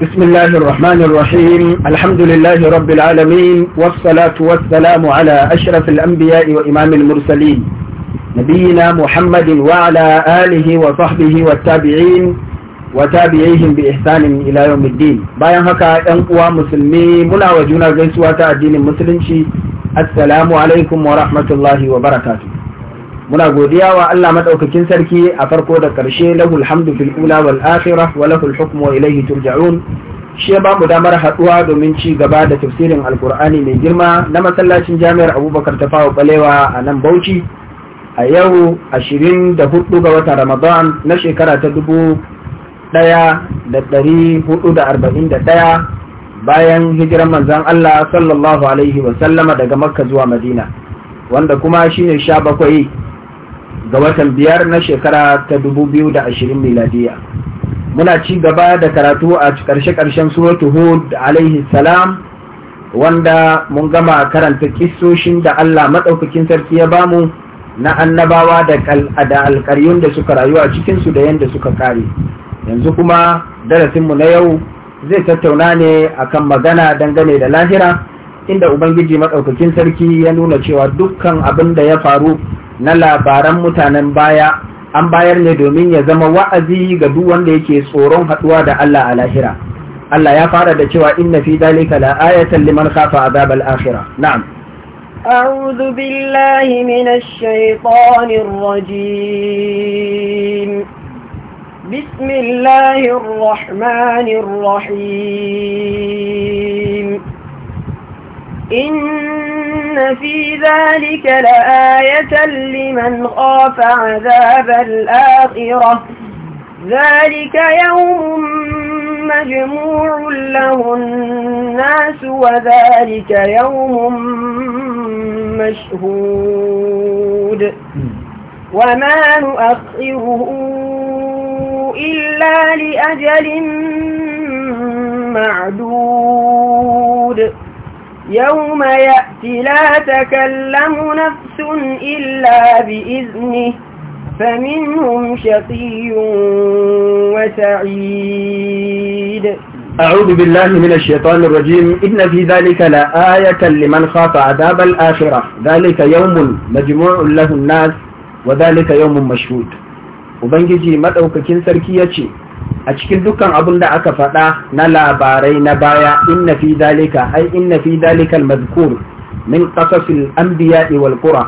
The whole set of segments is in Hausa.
بسم الله الرحمن الرحيم الحمد لله رب العالمين والصلاة والسلام على أشرف الأنبياء وإمام المرسلين نبينا محمد وعلى آله وصحبه والتابعين وتابعيهم بإحسان إلى يوم الدين bayan haka ɗan uwa musulmi muna wa juna gaisuwa ta addinin musulunci assalamu alaikum wa rahmatullahi wa barakatuh muna godiya wa Allah madaukakin sarki a farko da karshe lahul hamdu fil ula wal akhirah wa lahul hukmu wa ilayhi turja'un shi ba mu damar haduwa domin ci gaba da tafsirin alkur'ani mai girma na masallacin jami'ar abubakar Tafawo balewa a nan bauchi a yau 24 ga watan ramadan na shekara ta 1441 bayan hijiran manzon allah sallallahu alaihi sallama daga makka zuwa madina wanda kuma shine sha bakwai ga watan biyar na shekara ta 2020 miladiya muna ci gaba da karatu a karshe-karshen suratu hud alaihi salam wanda mun gama karanta ƙisoshin da Allah maɗaukakin sarki ya bamu na annabawa da alƙaryun da suka rayu a cikinsu da yadda suka kare yanzu kuma darasinmu na yau zai tattauna ne akan magana dangane da lahira inda ubangiji maɗaukakin sarki ya nuna cewa dukkan abin da ya faru na labaran mutanen baya an bayar ne domin ya zama wa'azi ga duk wanda yake tsoron haɗuwa da Allah a lahira Allah ya fara da cewa inna fi dalika la ayatan liman khafa azab al-akhirah na'am أعوذ بالله من الشيطان الرجيم بسم الله الرحمن إن في ذلك لآية لمن خاف عذاب الآخرة ذلك يوم مجموع له الناس وذلك يوم مشهود وما نؤخره إلا لأجل معدود يوم يأتي لا تكلم نفس إلا بإذنه فمنهم شقي وسعيد أعوذ بالله من الشيطان الرجيم إن في ذلك لآية لمن خاف عذاب الآخرة ذلك يوم مجموع له الناس وذلك يوم مشهود وبنجي مدعوك كنسر ya a cikin dukkan abin da aka faɗa na labarai na baya inna fi dalika ai inna fi dalika al min qasasil anbiya'i wal qura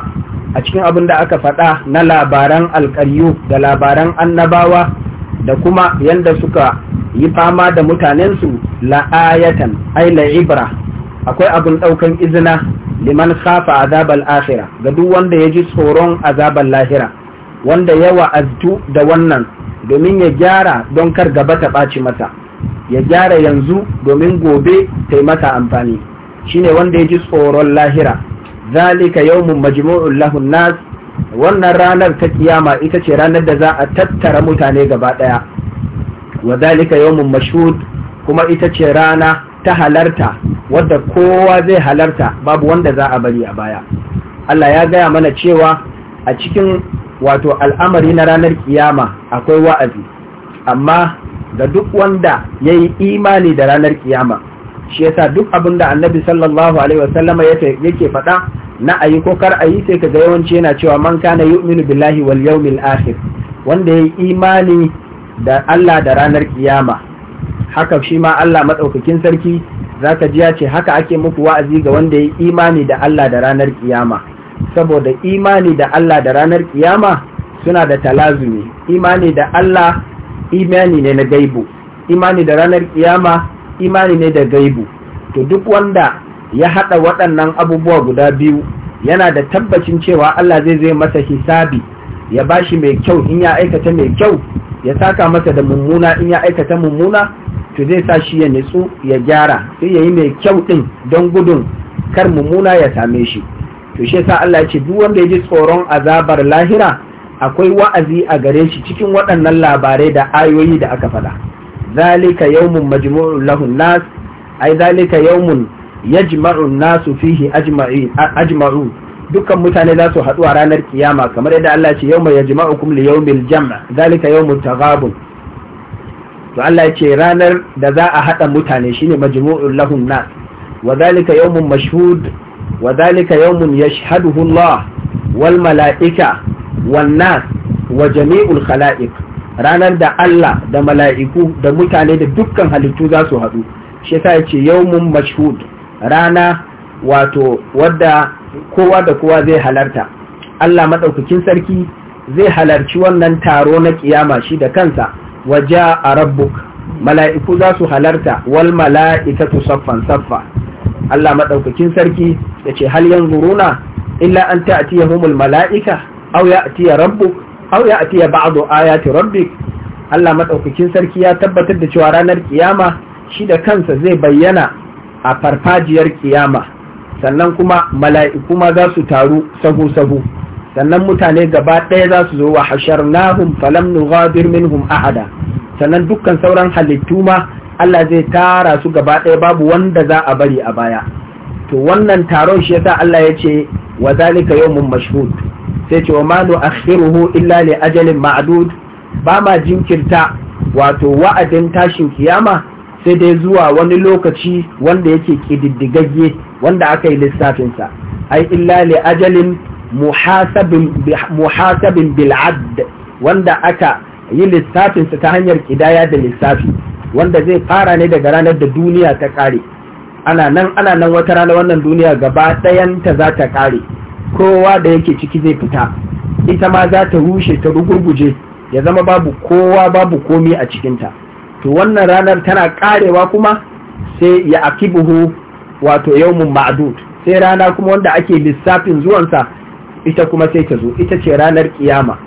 a cikin abin da aka faɗa na labaran alƙaryu da labaran annabawa da kuma yanda suka yi fama da mutanensu la'ayatan ai la'ibra akwai abin ɗaukan izina liman khafa azabal akhirah ga duk wanda ya ji tsoron azabal lahira wanda ya wa'aztu da wannan domin ya gyara don kar gaba ta ɓaci mata ya gyara yanzu domin gobe ta yi masa amfani shine wanda ya ji tsoron lahira zalika yawmun majmu'un lahun nas wannan ranar ta kiyama ita ce ranar da za a tattara mutane gaba ɗaya wa zalika yawmun mashhud kuma ita ce rana ta halarta wadda kowa zai halarta babu wanda za a bari a baya Allah ya gaya mana cewa a cikin wato al'amari na ranar kiyama akwai wa'azi amma ga duk wanda ya yi imani da ranar kiyama shi yasa duk abin da annabi sallallahu alaihi wasallam yake faɗa na ayi ko kar ayi sai ka ga yawanci yana cewa man kana yu'minu billahi wal yawmil akhir wanda yayi imani da Allah da ranar kiyama haka shi ma Allah madaukakin sarki zaka ji ya ce haka ake muku wa'azi ga wanda ya yi imani da Allah da ranar kiyama saboda imani da Allah da ranar kiyama suna da talazumi imani da Allah imani ne na gaibu imani da ranar kiyama imani ne da gaibu to duk wanda ya hada waɗannan abubuwa guda biyu yana da tabbacin cewa Allah zai zai masa hisabi ya bashi mai kyau in ya aikata mai kyau ya saka masa da mummuna in ya aikata mummuna to zai sa shi ya nitsu ya gyara sai yayi mai kyau din don gudun kar mummuna ya same shi to shi yasa Allah ya ce duk wanda ya ji tsoron azabar lahira akwai wa'azi a gare shi cikin waɗannan labarai da ayoyi da aka faɗa zalika yawmun majmu'un lahu nas ai zalika yawmun yajma'u nasu fihi ajma'in ajma'u dukkan mutane za su haɗu a ranar kiyama kamar yadda Allah ce yawma yajma'ukum li yawmil jam' zalika yawmut taghabun to Allah ya ce ranar da za a haɗa mutane shine majmu'un lahu nas wa zalika yawmun mashhud wa dhalika yawmun yashhaduhu Allah wal mala'ika wan nas wa jami'ul khala'iq ranar da Allah da mala'iku da mutane da dukkan halittu za su haɗu shi yasa yace yawmun mashhud rana wato wadda kowa da kowa zai halarta Allah madaukakin sarki zai halarci wannan taro na kiyama shi da kansa wajaa a rabbuk mala'iku za su halarta wal mala'ikatu saffan saffa Allah madaukakin sarki ce hal runa. illa an humul mala'ika aw ya'tiya rabbuk aw ya'tiya ba'du ayati rabbik Allah madaukakin sarki ya tabbatar da cewa ranar kiyama shi da kansa zai bayyana a farfajiyar kiyama sannan kuma mala'iku ma za su taru sahu sahu sannan mutane gaba ɗaya za su zo wa hasharnahum falam nughadir minhum ahada sannan dukkan sauran halittu ma Allah zai tara su gaba ɗaya babu wanda za a bari a baya to wannan taron shi yasa Allah ya ce wa zalika yawmun mashhud sai ce wa ma nu'akhiruhu illa li ajalin ma'dud ba ma jinkirta wato wa'adin tashin kiyama sai dai zuwa wani lokaci wanda yake kididdigagge wanda aka yi lissafin ai illa li ajalin muhasabin bil'ad wanda aka yi lissafinsa ta hanyar ƙidaya da lissafi wanda zai fara ne daga ranar da duniya ta kare ana nan ana nan wata rana wannan duniya gaba ɗayanta za ta kare kowa da yake ciki zai fita ita ma za ta rushe ta rugurguje ya zama babu kowa babu komi a cikinta to wannan ranar tana karewa kuma sai ya akibuhu wato yawmun ma'dud sai rana kuma wanda ake lissafin zuwansa ita kuma sai ta zo ita ce ranar kiyama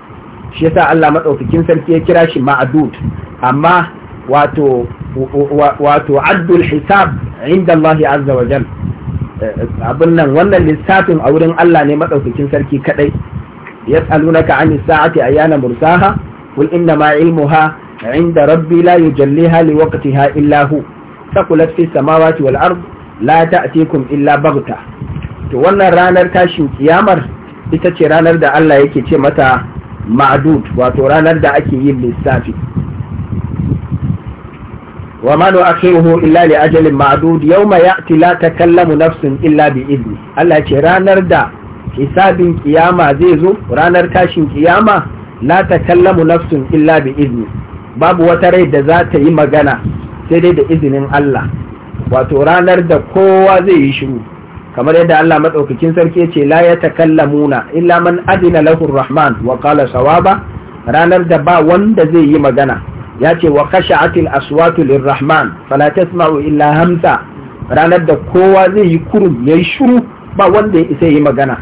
shi yasa Allah madaukakin sarki ya kira shi ma'dud amma wato wato addul hisab inda Allah azza wa jal eh, abin nan wannan lissafin a wurin Allah ne madaukakin sarki kadai yas'alunaka anis sa'ati ayyana mursaha qul inna ma ilmuha inda rabbi la yujalliha liwaqtiha illa hu saqulat fis samawati wal ard la ta'tikum illa baghta to wannan ranar tashin kiyamar ita ce ranar da Allah yake ce mata ma'dud wato ranar da ake yin lissafi وما نؤخره إلا لأجل معدود يوم يأتي لا تكلم نفس إلا بإذنه الله يقول رانر دا حساب قيامة زيزو رانر كاشن قيامة لا تكلم نفس إلا بإذنه باب وتري دا ذات sai dai da izinin Allah? wato ranar da kowa zai yi shiru kamar yadda Allah madaukakin sarki yace ce la ya takallamuna illa man adina lahu rahman wa qala sawaba ranar da ba wanda zai yi magana ya ce wa khashatil aswatu lirrahman fala tasma'u illa hamsa ranar da kowa zai yi kurum yi shiru ba wanda ya isa yi magana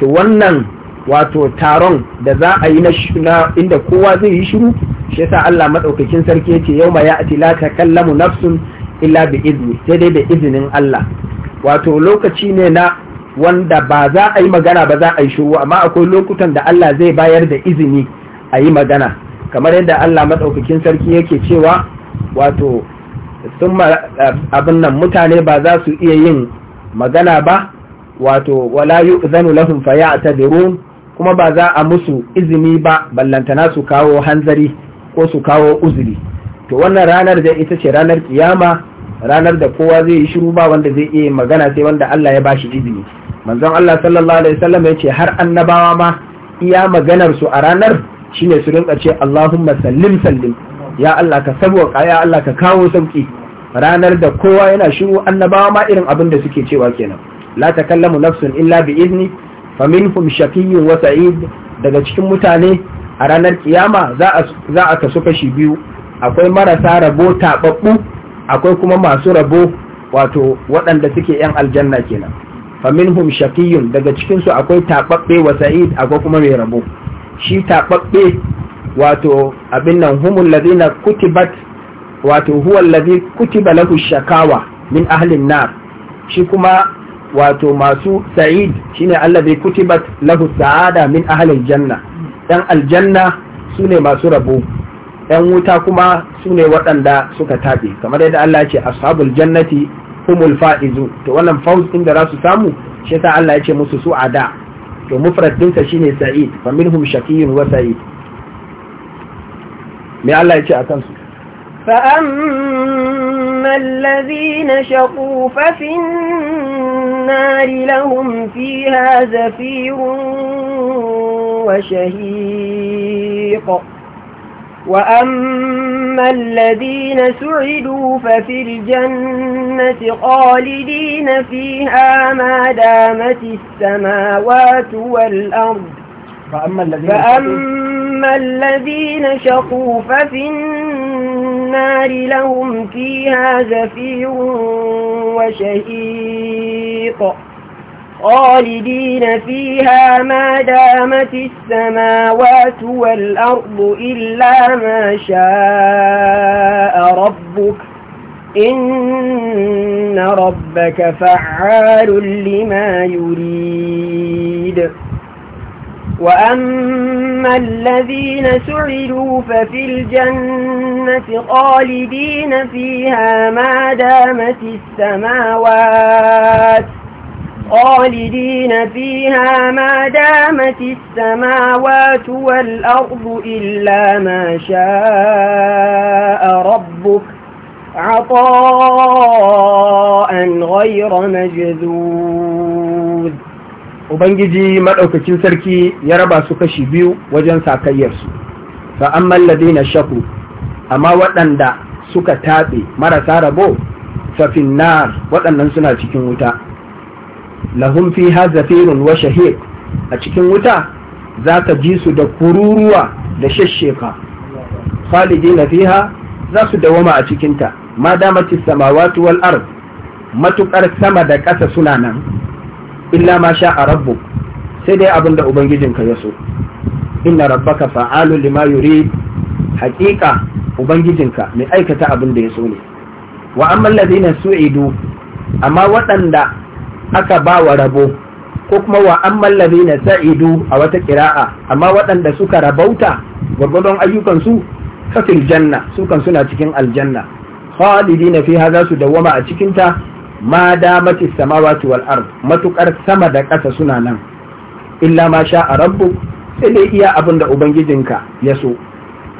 to wannan wato taron da za a yi na inda kowa zai yi shiru shi yasa Allah madaukakin sarki yace ya ati la takallamu nafsun illa bi izni sai dai da izinin Allah wato lokaci ne na wanda ba za a yi magana ba za a yi shiru amma akwai lokutan da Allah zai bayar da izini a yi magana kamar yadda Allah maɗaukakin sarki yake cewa wato sun abin nan mutane ba za su iya yin magana ba wato wala yu'zanu a faya'tadirun kuma ba za a musu izini ba ballantana su kawo hanzari ko su kawo uzuri to wannan ranar da ita ce ranar kiyama ranar da kowa zai yi shiru ba wanda zai iya magana sai wanda Allah ya ba shi izini manzon Allah sallallahu alaihi wasallam ya ce har annabawa ma iya maganarsu a ranar Shi ne su rinka ce Allahumma sallim sallim ya Allah ka sabwa ya Allah ka kawo sauki ranar da kowa yana shiru annabawa ma irin abin da suke cewa kenan la takallamu nafsun illa bi izni minhum shaqiyyun wa sa'id daga cikin mutane a ranar kiyama za a za a kasu kashi biyu akwai marasa rabo tababbu akwai kuma masu rabo wato waɗanda suke yan aljanna kenan Fa faminhum shaqiyyun daga cikin su akwai tababbe wa sa'id akwai kuma mai rabo shi taɓaɓɓe wato abin nan humul na kutibat wato huwan lazi kutiba lahu shakawa min ahlin nar shi kuma wato masu sa'id shine alladhi kutibat lahu sa'ada min ahlin janna Ɗan aljanna sune masu rabo ɗan wuta kuma sune waɗanda suka taɓi. kamar yadda Allah ce ashabul jannati humul fa'izu to wannan fa'uz ɗin da za su samu shi yasa Allah ya ce musu su'ada to mufrad dinsa shine sa'id fa minhum shaqiyyun wa sa'id me Allah ya ce akan su fa amma alladhina shaqu fa fin nar lahum fiha zafirun wa shahiqun وأما الذين سعدوا ففي الجنة خالدين فيها ما دامت السماوات والأرض فأما الذين, فأما الذين شقوا ففي النار لهم فيها زفير وشهيق خالدين فيها ما دامت السماوات والأرض إلا ما شاء ربك إن ربك فعال لما يريد وأما الذين سعدوا ففي الجنة خالدين فيها ما دامت السماوات خالدين فيها ما دامت السماوات والأرض إلا ما شاء ربك عطاء غير مجذوذ Ubangiji maɗaukacin sarki ya raba su kashi biyu wajen sakayyarsu, an mallabe na shaku, amma waɗanda suka taɓe marasa rabo, fafin nar waɗannan suna cikin wuta. lahum fiha zafirun wa shahiq a cikin wuta za ka ji su da kururuwa da shashsheka khalidina fiha za su dawama a cikinta ma damati samawati wal ard matukar sama da ƙasa suna nan illa ma sha a rabbu sai dai abin da ubangijinka ya so inna rabbaka fa'alu lima yurid Haƙiƙa ubangijinka mai aikata abin da ya so ne wa amma alladhina su'idu amma waɗanda aka ba wa rabo ko kuma wa amman na sa'idu a wata kira'a amma waɗanda suka rabauta gwagwadon ayyukansu kafin janna sukan suna cikin aljanna na fiha za su dawwama a cikinta, ta ma damati samawati wal ard matukar sama da ƙasa suna nan illa ma sha a rabbu sai dai iya abin da ubangijinka ya so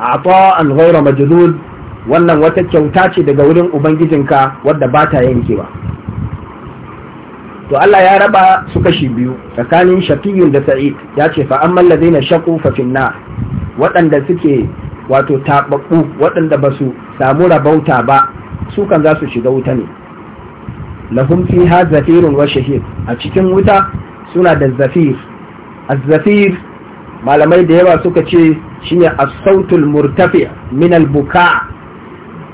A an ghayra majdud wannan wata kyauta ce daga wurin ubangijinka wadda ba ta yankewa to Allah ya raba su kashi biyu tsakanin shakiyun da sa'id ya ce fa amman na shaku fa finna waɗanda suke wato taɓaɓɓu waɗanda ba su samu rabauta ba su kan za su shiga wuta ne lahum ha zafirun wa shahid a cikin wuta suna da zafir az-zafir malamai da yawa suka ce shine as-sautul murtafi min al-buka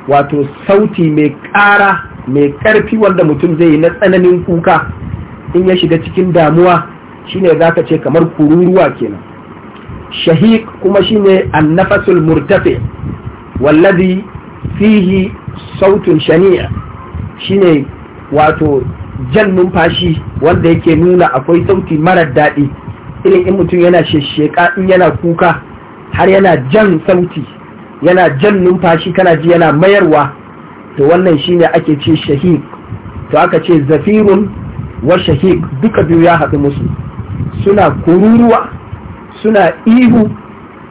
wato sauti mai ƙara mai ƙarfi wanda mutum zai yi na tsananin kuka in ya shiga cikin damuwa shine ka ce kamar kururuwa kenan shahiq kuma shine annafasul murtafi wallazi fihi sautun shani'a shine wato jan numfashi wanda yake nuna akwai sauti marar daɗi irin in mutum yana shesheka in yana kuka har yana jan sauti yana jan numfashi kana ji yana mayarwa to wannan shine ake ce shahiq to aka ce zafirun war shahik duka biyu ya haɗu musu suna kururuwa suna ihu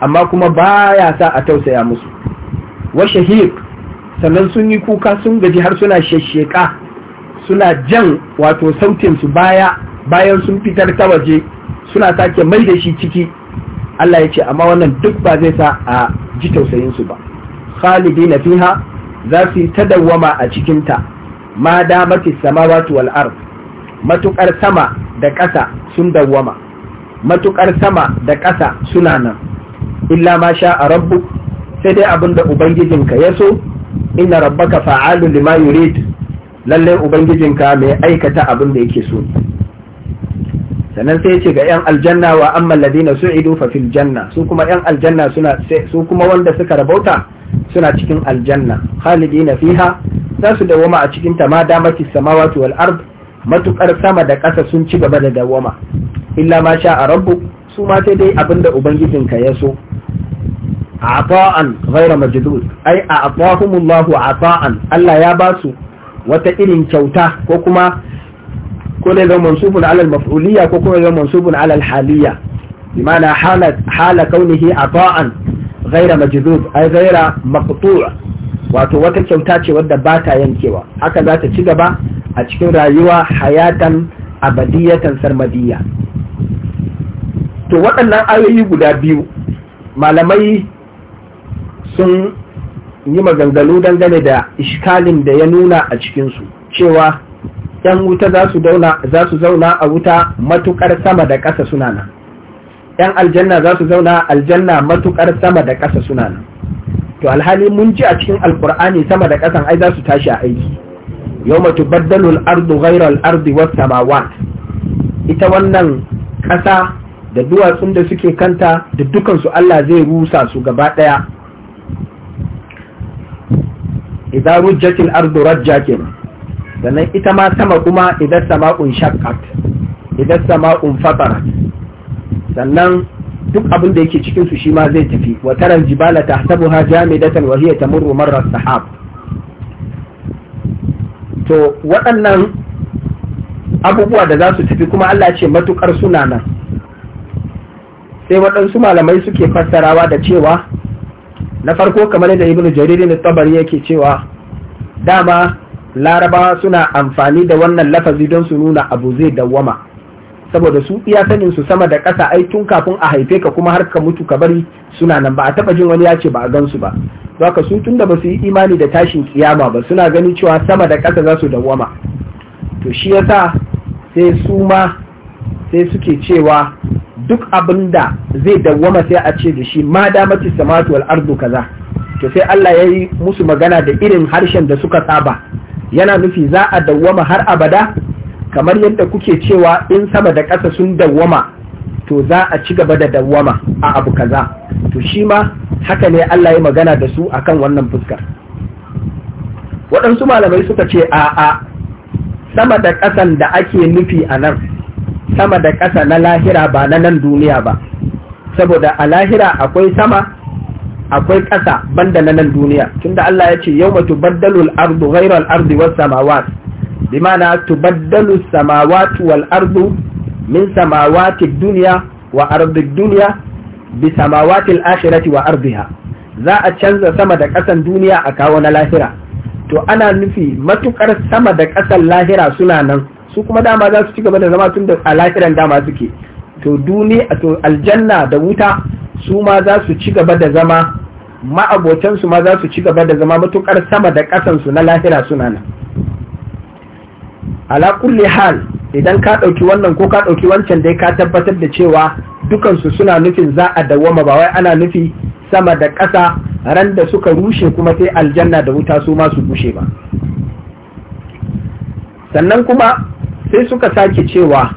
amma kuma ba ya sa a tausaya musu war shahik sannan sun yi kuka sun gaji har suna shesheka suna jan wato sautinsu baya bayan sun fitar ta waje suna sake mai da shi ciki Allah ya ce amma wannan duk ba zai sa a ji tausayinsu ba khalidi na fiha za su yi ta dawwama a cikinta ma damati samawati wal ardh matukar sama da ƙasa sun dawwama matukar sama da ƙasa suna nan illa ma sha a rabbu sai dai abin da ubangijinka ya so inna rabbaka fa'alu lima yurid lalle ubangijinka mai aikata abin da yake so sannan sai ce ga yan aljanna wa amma ladina su'idu fa fil janna su kuma yan aljanna suna su kuma wanda suka rabauta suna cikin aljanna khalidina fiha za su dawoma a cikin ta ma damati samawati wal ardh matukar sama da ƙasa sun ci gaba da dawama illa ma sha a rabbu su ma sai dai abinda ka ya so ata'an ghaira majdud ai a'tahumullahu ata'an Allah ya ba su wata irin kyauta ko kuma ko da zama mansubun mafuliyya ko kuma zama mansubun ala al-haliyya bimana hala hala kaunihi ata'an ghaira majdud ai ghaira maqtu' wato wata kyauta ce wadda ba ta yankewa haka za ta ci gaba a cikin rayuwa hayatan abadiyatan sarmadiyya to waɗannan ayoyi guda biyu malamai sun yi maganganu dangane da iskalin da ya nuna a cikinsu cewa ‘yan wuta za su zauna a wuta matuƙar sama da ƙasa suna nan ‘yan aljanna za su zauna aljanna matuƙar sama da ƙasa suna nan to alhali mun ji a cikin alkur'ani sama da ƙasan ai za su tashi a aiki yau matu baddalul ardu ghairal ardi wa samawat ita wannan ƙasa da duwatsun da suke kanta da dukansu Allah zai rusa su gaba ɗaya idan rujjatil ardu rajja kenan sannan ita ma sama kuma idan sama'un shaqqat idan sama'un fatarat sannan duk abin da yake cikin su shi ma zai tafi wa taral jibala tahsabuha jamidatan wa hiya tamurru marra sahab to waɗannan abubuwa da za su tafi kuma Allah ce matukar suna nan sai waɗansu malamai suke fassarawa da cewa na farko kamar yadda ibnu jarir ne tabari yake cewa dama larabawa suna amfani da wannan lafazi don su nuna abu zai dawwama saboda su iya sanin su sama da ƙasa ai tun kafin a haife ka kuma har ka mutu ka bari suna nan ba a taba jin wani ya ce ba a gan su ba haka su tun da ba su yi imani da tashin kiyama ba suna gani cewa sama da ƙasa za su dawwama to shi yasa sai su ma sai suke cewa duk abin da zai dawwama sai a ce da shi ma mace samatu wal ardu kaza to sai Allah ya yi musu magana da irin harshen da suka saba yana nufi za a dawwama har abada kamar yadda kuke cewa in sama da ƙasa sun dawwama to za a ci gaba da dawwama a abu kaza to shi ma haka ne Allah ya magana da su akan wannan fuskar waɗansu malamai suka ce a a sama da ƙasan da ake nufi a nan sama da ƙasa na lahira ba na nan duniya ba saboda a lahira akwai sama akwai ƙasa banda na nan duniya tunda Allah ya ce yau mutu baddalul ardu ghairal ardi was samawat bimana tubaddalu samawati wal ardu min samawati dunya wa ardi dunya bi samawati al akhirati wa ardiha za a canza sama da ƙasan duniya a kawo na lahira to ana nufi matukar sama da ƙasan lahira suna nan su kuma dama za su ci gaba da zama tun da a lahiran dama suke to duniya to aljanna da wuta su ma za su ci gaba da zama ma'abotansu ma za su ci gaba da zama matukar sama da ƙasansu su na lahira suna nan ala kulli hal idan ka ɗauki wannan ko ka ɗauki wancan dai ka tabbatar da cewa dukansu suna nufin za a dawwama ba wai ana nufi sama da ƙasa ran da suka rushe kuma sai aljanna da wuta su ma su bushe ba sannan kuma sai suka sake cewa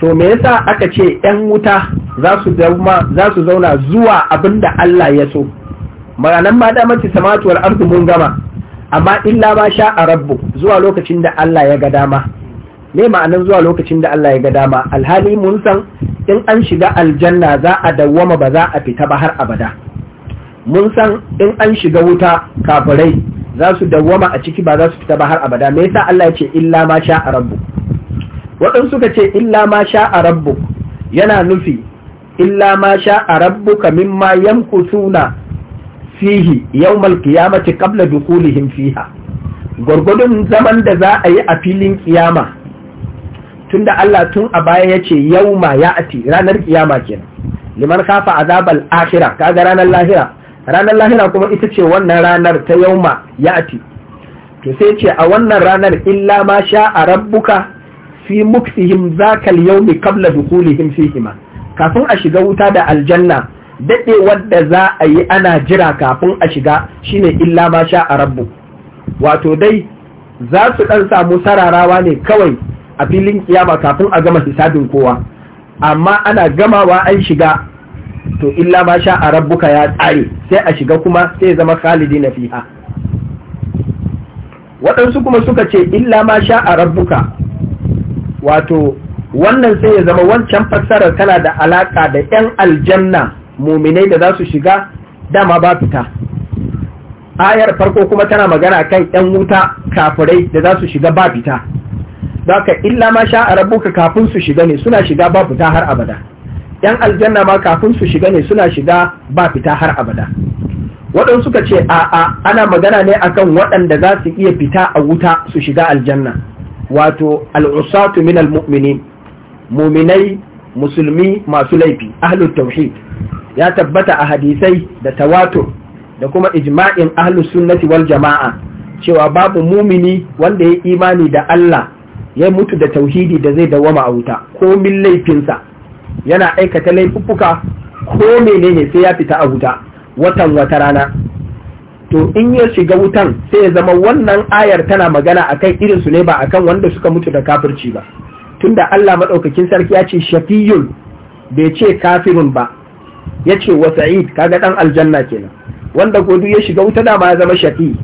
to me yasa aka ce 'yan wuta za su zauna zuwa abin da Allah ya so ma'anan ma da mace samatuwar arzu mun gama amma illa ma sha a rabbu zuwa lokacin da Allah ya ga dama me ma'anar zuwa lokacin da Allah ya ga dama alhali mun san in an shiga aljanna za a dawwama ba za a fita ba har abada mun san in an shiga wuta kafirai za su dawwama a ciki ba za su fita ba har abada me yasa Allah ya ce illa ma sha a rabbu waɗansu suka ce illa ma sha a rabbu yana nufi illa ma sha a rabbuka ma yankusuna fihi yawmal qiyamati qabla dukulihim fiha gwargwadon zaman da za a yi a filin kiyama tunda Allah tun a baya yace ce yauma ranar kiyama kenan liman kafa azabal akhirah kaga ranar lahira ranar lahira kuma ita ce wannan ranar ta yawma ya'ati. to sai ce a wannan ranar illa ma sha a rabbuka fi muksihim zakal yaumi qabla dukulihim fihima kafin a shiga wuta da aljanna daɗe da za a yi ana jira kafin a shiga shine illa ma sha a rabbu wato dai za su ɗan samu sararawa ne kawai a filin kiyama kafin a gama hisabin kowa amma ana gamawa an shiga to illa ma sha a rabbuka ya tsare sai a shiga kuma sai zama khalidi na fiha waɗansu kuma suka ce illa ma sha a rabbuka wato wannan sai ya zama wancan fassarar tana da alaƙa da 'yan aljanna muminai da za su shiga dama ba fita ayar farko kuma tana magana kan yan wuta kafirai da za su shiga ba fita haka illa ma sha a rabuka kafin su shiga ne suna shiga ba fita har abada yan aljanna ma kafin su shiga ne suna shiga ba fita har abada waɗansu suka ce a'a ana magana ne akan waɗanda za su iya fita a wuta su shiga aljanna wato al'usatu min al-mu'minin muminai musulmi masu laifi ahlul tauhid ya tabbata a hadisai da tawatur da kuma ijma'in ahlus sunnati wal jama'a cewa babu mumini wanda ya imani da Allah ya mutu da tauhidi da zai dawama a wuta ko min laifinsa yana aikata laifuffuka ko menene sai ya fita a wuta watan wata rana to in ya shiga wutan sai ya zama wannan ayar tana magana akan irin su ne ba akan wanda suka mutu da kafirci ba tunda Allah madaukakin sarki ya ce shafiyun bai ce kafirun ba Ya ce, wa sa'id kaga ɗan aljanna kenan wanda godu ya shiga wuta da ma ya zama shafi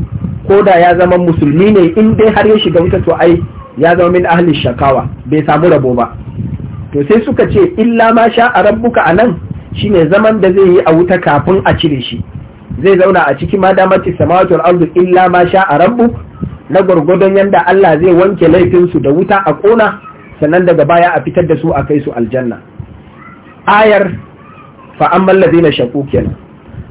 ko da ya zama musulmi ne in dai har ya shiga wuta to ai ya zama min ahli shakawa bai samu rabo ba to sai suka ce illa ma sha a rabbuka anan shine zaman da zai yi a wuta kafin a cire shi zai zauna a ciki ma damati samawatul ardu illa ma sha a rabbu na gwargwadon yanda Allah zai wanke laifinsu da wuta a kona sannan daga baya a fitar da su a kai su aljanna ayar fa amma allazina shaqu kenan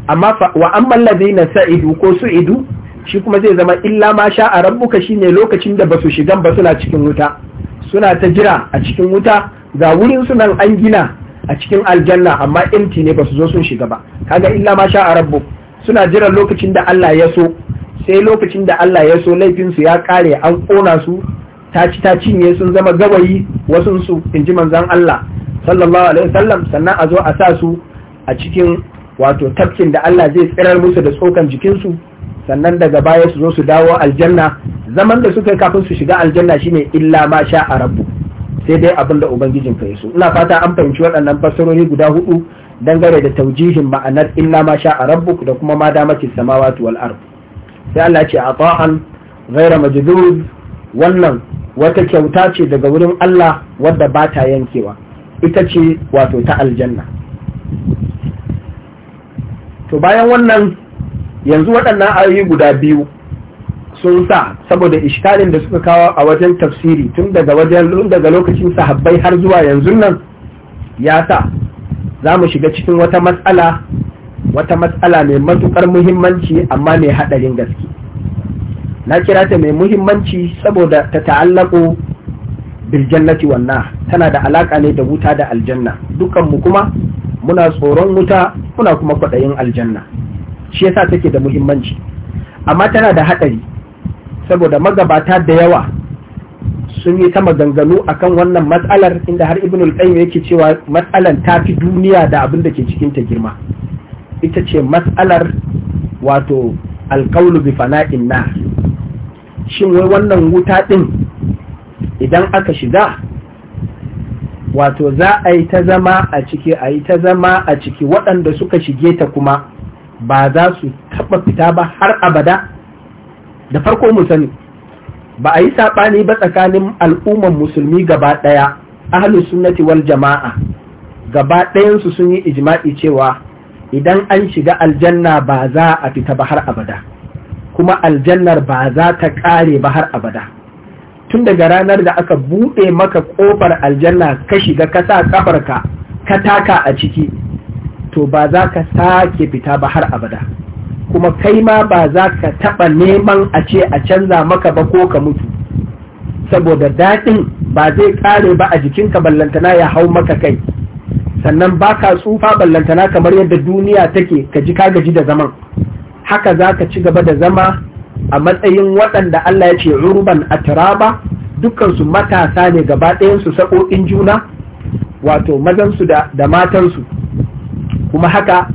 amma wa amma sa sa'idu ko su'idu shi kuma zai zama illa ma sha a rabbuka ne lokacin da ba su shigan ba suna cikin wuta suna ta jira a cikin wuta ga wurin sunan an gina a cikin aljanna amma inti ne ba su zo sun shiga ba kaga illa ma sha a rabbu suna jira lokacin da Allah ya so sai lokacin da Allah ya so laifinsu ya kare an kona su taci ci ta cinye sun zama gawayi wasunsu in ji manzan Allah sallallahu alaihi wasallam sannan a zo a sa su a cikin wato tafkin da Allah zai tsirar musu da tsokan jikinsu sannan daga baya su zo su dawo aljanna zaman da suka yi kafin su shiga aljanna shine illa ma sha a rabbu sai dai abin da ubangijin ka yaso ina fata an fahimci waɗannan fassarori guda hudu dangane da taujihin ma'anar illa ma sha a rabbu da kuma ma damatis samawati wal ard sai Allah ce ata'an ghaira majdud wannan wata kyauta ce daga wurin Allah wadda ba ta yankewa ita ce wato ta aljanna to bayan wannan yanzu waɗannan ayoyi guda biyu sun sa saboda ishkalin da suka kawo a wajen tafsiri tun daga wajen daga lokacin sahabbai har zuwa yanzu nan ya sa za mu shiga cikin wata matsala wata matsala mai matuƙar muhimmanci amma mai haɗarin gaske na kira ta mai muhimmanci saboda ta ta'allaƙo biljannati wannan tana da alaka ne da wuta da aljanna dukan mu kuma muna tsoron wuta muna kuma kwaɗayin aljanna shi yasa take da muhimmanci amma tana da haɗari saboda magabata da yawa sun yi ta maganganu akan wannan matsalar inda har ibnul qayyim yake cewa matsalar ta fi duniya da abin da ke cikin ta girma ita ce matsalar wato alqaulu bi fana'in nar shin wai wannan wuta din idan aka shiga wato za a yi ta zama a ciki a yi ta zama a ciki waɗanda suka shige ta kuma ba za su taɓa fita ba har abada da farko mu sani ba a yi saɓani ba tsakanin al'ummar musulmi gaba ɗaya ahalus sunnati wal jama'a gaba ɗayansu sun yi ijma'i cewa idan an shiga aljanna ba za a fita ba har abada kuma aljannar ba za ta ƙare ba har abada tun daga ranar da aka buɗe maka ƙofar aljanna ka shiga ka sa ƙafarka ka taka a ciki to ba za ka sake fita ba har abada kuma kai ma ba za ka taɓa neman a ce a canza maka ba ko ka mutu saboda daɗin ba zai ƙare ba a jikinka ballantana ya hau maka kai sannan ba ka tsufa ballantana kamar yadda duniya take ka ji ka gaji da zaman haka za ka ci gaba da zama a matsayin waɗanda Allah ya ce urban atraba dukkansu matasa ne gaba ɗayansu saƙoƙin juna wato mazansu da, da matansu kuma haka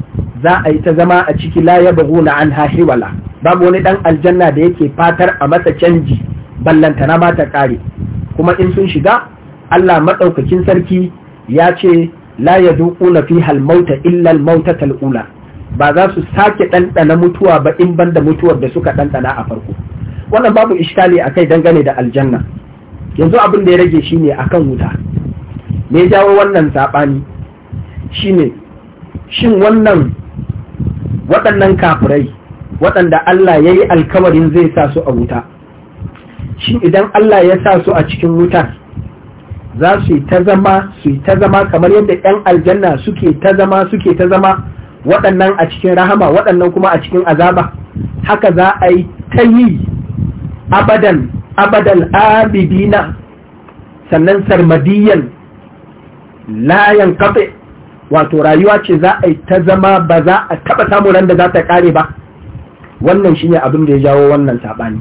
za a yi ta zama a ciki laye ba bugu na an hahiwala babu wani ɗan aljanna da yake fatar a masa canji ballanta na mata ƙare kuma in sun shiga Allah maɗaukakin sarki ya ce la ya duƙuna fi halmauta illal mauta tal'ula ba za su sake ɗanɗana mutuwa ba in ban da mutuwar da suka ɗanɗana a farko wannan babu iskali a kai dangane da aljanna yanzu abin da ya rage shi ne a kan wuta me jawo wannan saɓani shi ne shin wannan waɗannan kafirai waɗanda Allah ya yi alkawarin zai sa su a wuta shin idan Allah ya sa su a cikin wuta za su yi ta zama su yi ta zama kamar yadda 'yan aljanna suke ta zama suke ta zama waɗannan a cikin rahama waɗannan kuma a cikin azaba haka za a yi ta yi abadan abadan abidina sannan sarmadiyan layan kafe wato rayuwa ce za a yi ta zama ba za a taɓa samun randa za ta ƙare ba wannan shi ne abin da ya jawo wannan saɓani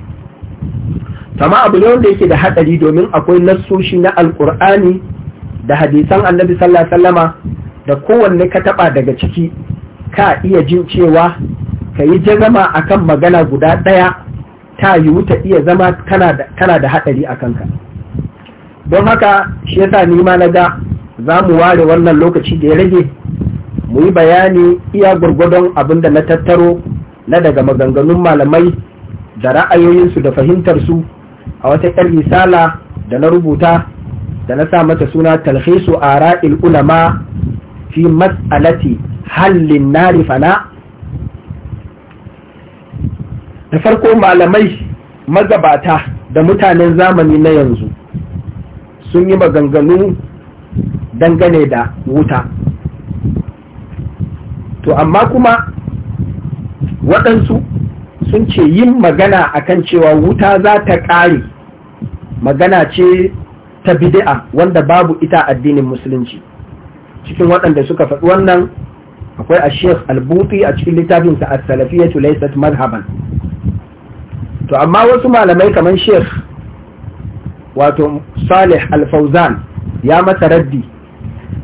Tama abu ne wanda yake da haɗari domin akwai nassoshi na alƙur'ani da hadisan annabi sallallahu alaihi da kowanne ka taɓa daga ciki ka iya jin cewa ka yi jazama akan magana guda ɗaya ta yiwu ta iya zama kana da haɗari a kanka don haka shi yasa ni ma na ga za mu ware wannan lokaci da ya rage mu yi bayani iya gwargwadon abin da na tattaro na daga maganganun malamai da ra'ayoyinsu da fahimtarsu a wata ƙar misala da na rubuta da na sa mata suna talhisu a ra'il ulama fi mas'alati hallin nari fana da farko malamai magabata da mutanen zamani na yanzu sun yi maganganu dangane da wuta to amma kuma waɗansu sun ce yin magana akan cewa wuta za ta ƙare magana ce ta bid'a wanda babu ita addinin musulunci cikin waɗanda suka faɗi wannan akwai a sheikh albuti a cikin littafinsa a salafiyatu laysat madhaban to amma wasu malamai kamar sheikh wato salih alfauzan ya masa raddi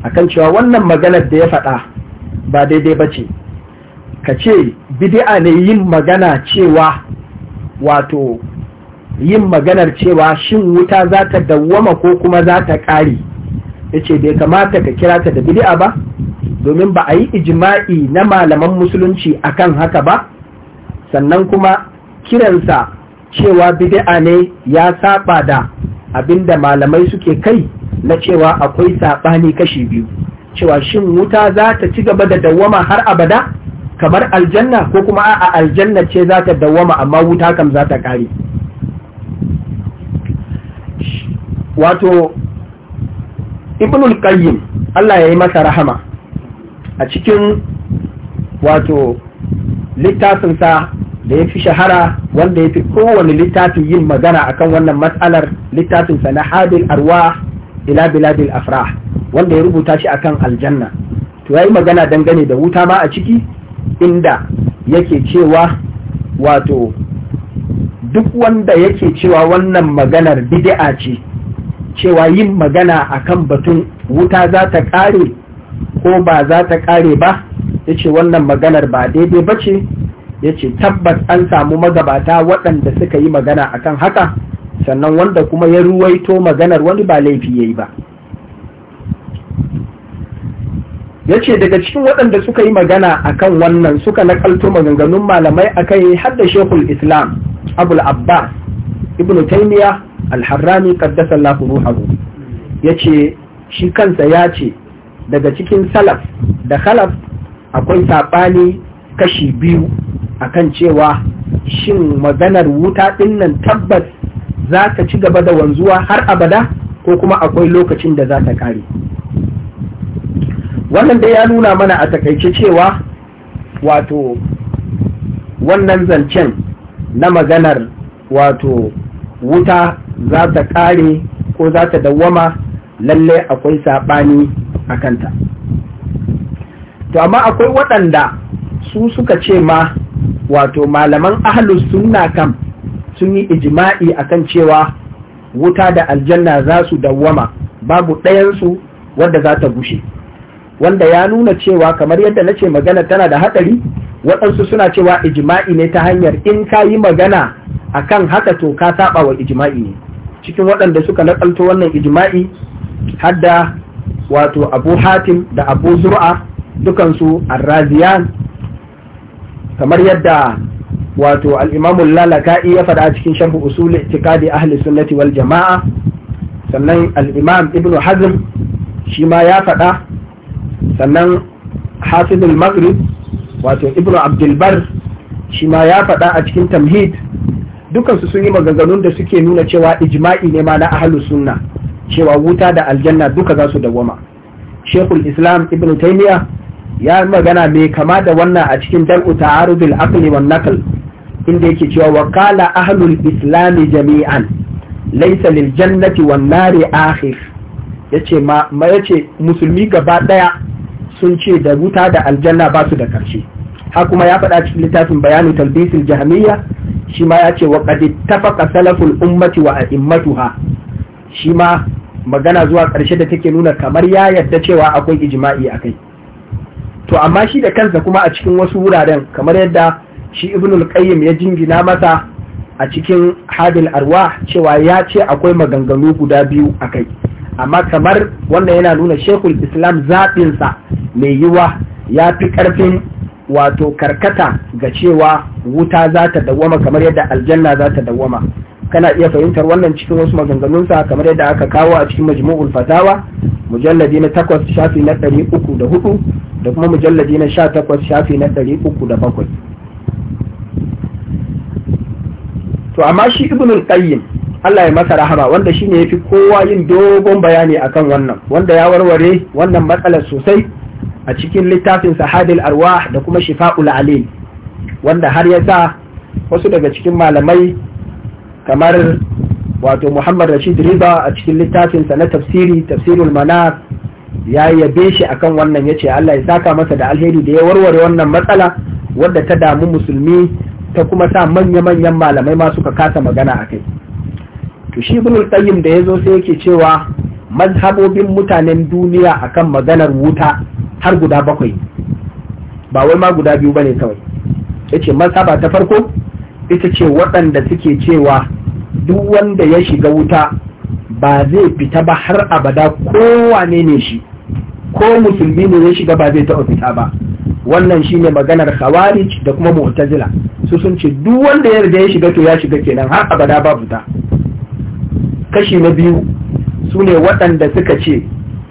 akan cewa wannan maganar da ya faɗa ba daidai ba ce ka ce bidi'a ne yin magana cewa wato yin maganar cewa shin wuta za ta dawwama ko kuma za ta ƙare ya ce bai kamata ka kira ta da bidi'a ba domin ba a yi ijima'i na malaman musulunci akan haka ba sannan kuma kiransa cewa bid'a ne ya saba da abinda malamai suke kai na cewa akwai sabani kashi biyu cewa shin wuta za ta ci gaba da dawwama har abada kamar aljanna ko kuma a aljanna ce za ta dawwama amma wuta kam za ta kare wato ibnul Allah ya yi masa rahama a cikin wato littafinsa da ya fi shahara wanda ya fi kowane littafin yin magana akan wannan matsalar littafinsa na hadil arwa ila biladil afrah wanda ya rubuta shi akan aljanna to yayi magana dangane da wuta ma a ciki inda yake cewa wato duk wanda yake cewa wannan maganar bid'a ce cewa yin magana akan batun wuta za ta kare ko ba za ta ƙare ba ya ce wannan maganar ba daidai ba ce ya ce tabbas an samu magabata waɗanda suka yi magana a kan haka sannan wanda kuma ya ruwaito maganar wani ba laifi ya yi ba ya ce daga cikin waɗanda suka yi magana a kan wannan suka nakaltu maganganun malamai akai har da shekul islam abul abbas ibn taimiya alharrami kaddasa ruhu ya ce shi kansa ya ce daga cikin salaf da khalaf akwai saɓani kashi biyu akan cewa shin maganar wuta nan tabbas za ta ci gaba da wanzuwa har abada ko kuma akwai lokacin da za ta ƙare wannan da ya nuna mana a takaice cewa wato wannan zancen na maganar wato wuta za ta ƙare ko za ta dawwama lallai akwai saɓani a kanta to amma akwai waɗanda su suka ce ma wato malaman ahalus sunna kam sun yi ijima'i akan cewa wuta da aljanna za su dawwama babu ɗayansu wadda za ta gushe wanda ya nuna cewa kamar yadda na ce magana tana da haɗari waɗansu suna cewa ijima'i ne ta hanyar in ka yi magana a kan haka to ka saba wa ijima'i ne cikin waɗanda suka nakalto wannan ijima'i hadda wato abu hatim da abu zur'a dukansu arraziyan kamar yadda wato al'imamun lalaka'i ya faɗa cikin sharhu usuli itikadi ahli sunnati wal jama'a sannan al'imam ibn hazm shi ma ya faɗa sannan hafizul maghrib wato ibn abdulbar shi ma ya faɗa a cikin tamhid dukansu sun yi maganganun da suke nuna cewa ijma'i ne ma na ahli sunna cewa wuta da aljanna duka za su dawwama shekul islam ibn taymiya ya magana mai kama da wannan a cikin dal'u ta'arudul aqli wan naql inda yake cewa wa qala ahlul islam jami'an laysa lil jannati wan nari akhir yace ma, ma yace musulmi gaba daya sun ce da wuta da aljanna ba su da karshe ha kuma ya faɗa cikin littafin bayanu talbisil jahmiya shi ma ya ce wa qad ittafaqa salaful ummati wa a'immatuha shi ma magana zuwa ƙarshe da take nuna kamar ya yadda cewa akwai ijma'i a kai to amma shi da kansa kuma a cikin wasu wuraren kamar yadda shi ibnul qayyim ya jingina masa a cikin hadil arwa cewa ya ce akwai maganganu guda biyu a kai amma kamar wannan yana nuna shekul islam zaɓinsa mai yiwa ya fi ƙarfin wato karkata ga cewa wuta za ta dawwama kamar yadda aljanna za ta dawwama kana iya fahimtar wannan cikin wasu maganganunsa kamar yadda aka kawo a cikin majmu'ul fatawa mujalladi na takwas shafi na 304 da hudu da kuma mujalladi na sha takwas shafi na 307 bakwai to amma shi ibnul qayyim Allah ya masa rahama wanda shine yafi kowa yin dogon bayani akan wannan wanda ya warware wannan matsalar sosai a cikin littafin sahadil arwah da kuma shifa'ul alim wanda har ya sa wasu daga cikin malamai kamar wato Muhammad Rashid Riba a cikin littafinsa na tafsiri tafsirul manar ya yabe shi akan wannan yace Allah ya saka masa da alheri da ya warware wannan matsala wadda ta damu musulmi ta kuma sa manya-manyan malamai ma suka kasa magana a kai to shi ibn al-qayyim da yazo sai yake cewa mazhabobin mutanen duniya akan maganar wuta har guda bakwai ba wai ma guda biyu bane kawai yace mazhaba ta farko ita ce waɗanda suke cewa duk wanda ya shiga wuta ba zai fita ba har abada ko wane ne shi ko musulmi ne ya shiga ba zai taɓa fita ba wannan shine maganar khawarij da kuma mu'tazila su sun ce duk wanda ya riga ya shiga to ya shiga kenan har abada ba fita kashi na biyu su ne waɗanda suka ce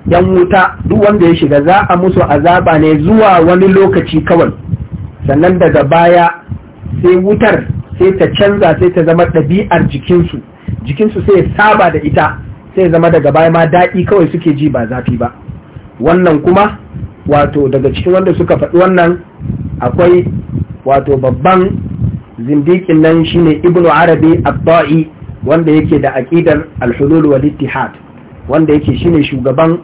yan wuta duk wanda ya shiga za a musu azaba ne zuwa wani lokaci kawai sannan daga baya sai wutar sai ta canza sai ta zama ɗabi'ar jikinsu jikinsu sai ya saba da ita sai zama daga baya ma daɗi kawai suke ji ba zafi ba wannan kuma wato daga cikin wanda suka faɗi wannan akwai wato babban zindikin nan shine ibnu arabi abba'i wanda yake da aƙidar alhulul wal wanda yake shine shugaban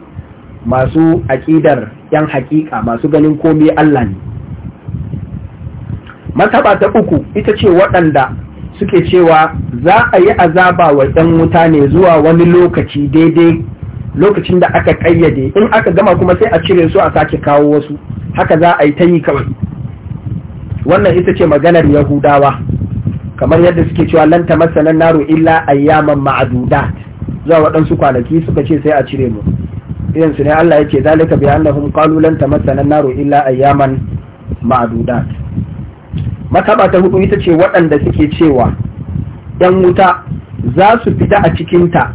masu aƙidar yan haƙiƙa masu ganin komai Allah ne martaba ta uku ita ce waɗanda suke cewa za a yi azaba wa ɗan wuta ne zuwa wani lokaci daidai lokacin da aka ƙayyade in aka gama kuma sai a cire su a sake kawo wasu haka za a yi ta yi kawai wannan ita ce maganar yahudawa kamar yadda suke cewa lan masanan naro illa ayyaman ma'adudat zuwa waɗansu kwanaki suka ce sai a cire mu irin su ne Allah yake zalika bi annahum qalu lan tamassana an-naru illa ayyaman ma'adudat mataba ta hudu ita ce waɗanda suke cewa ‘yan wuta za su fita a cikinta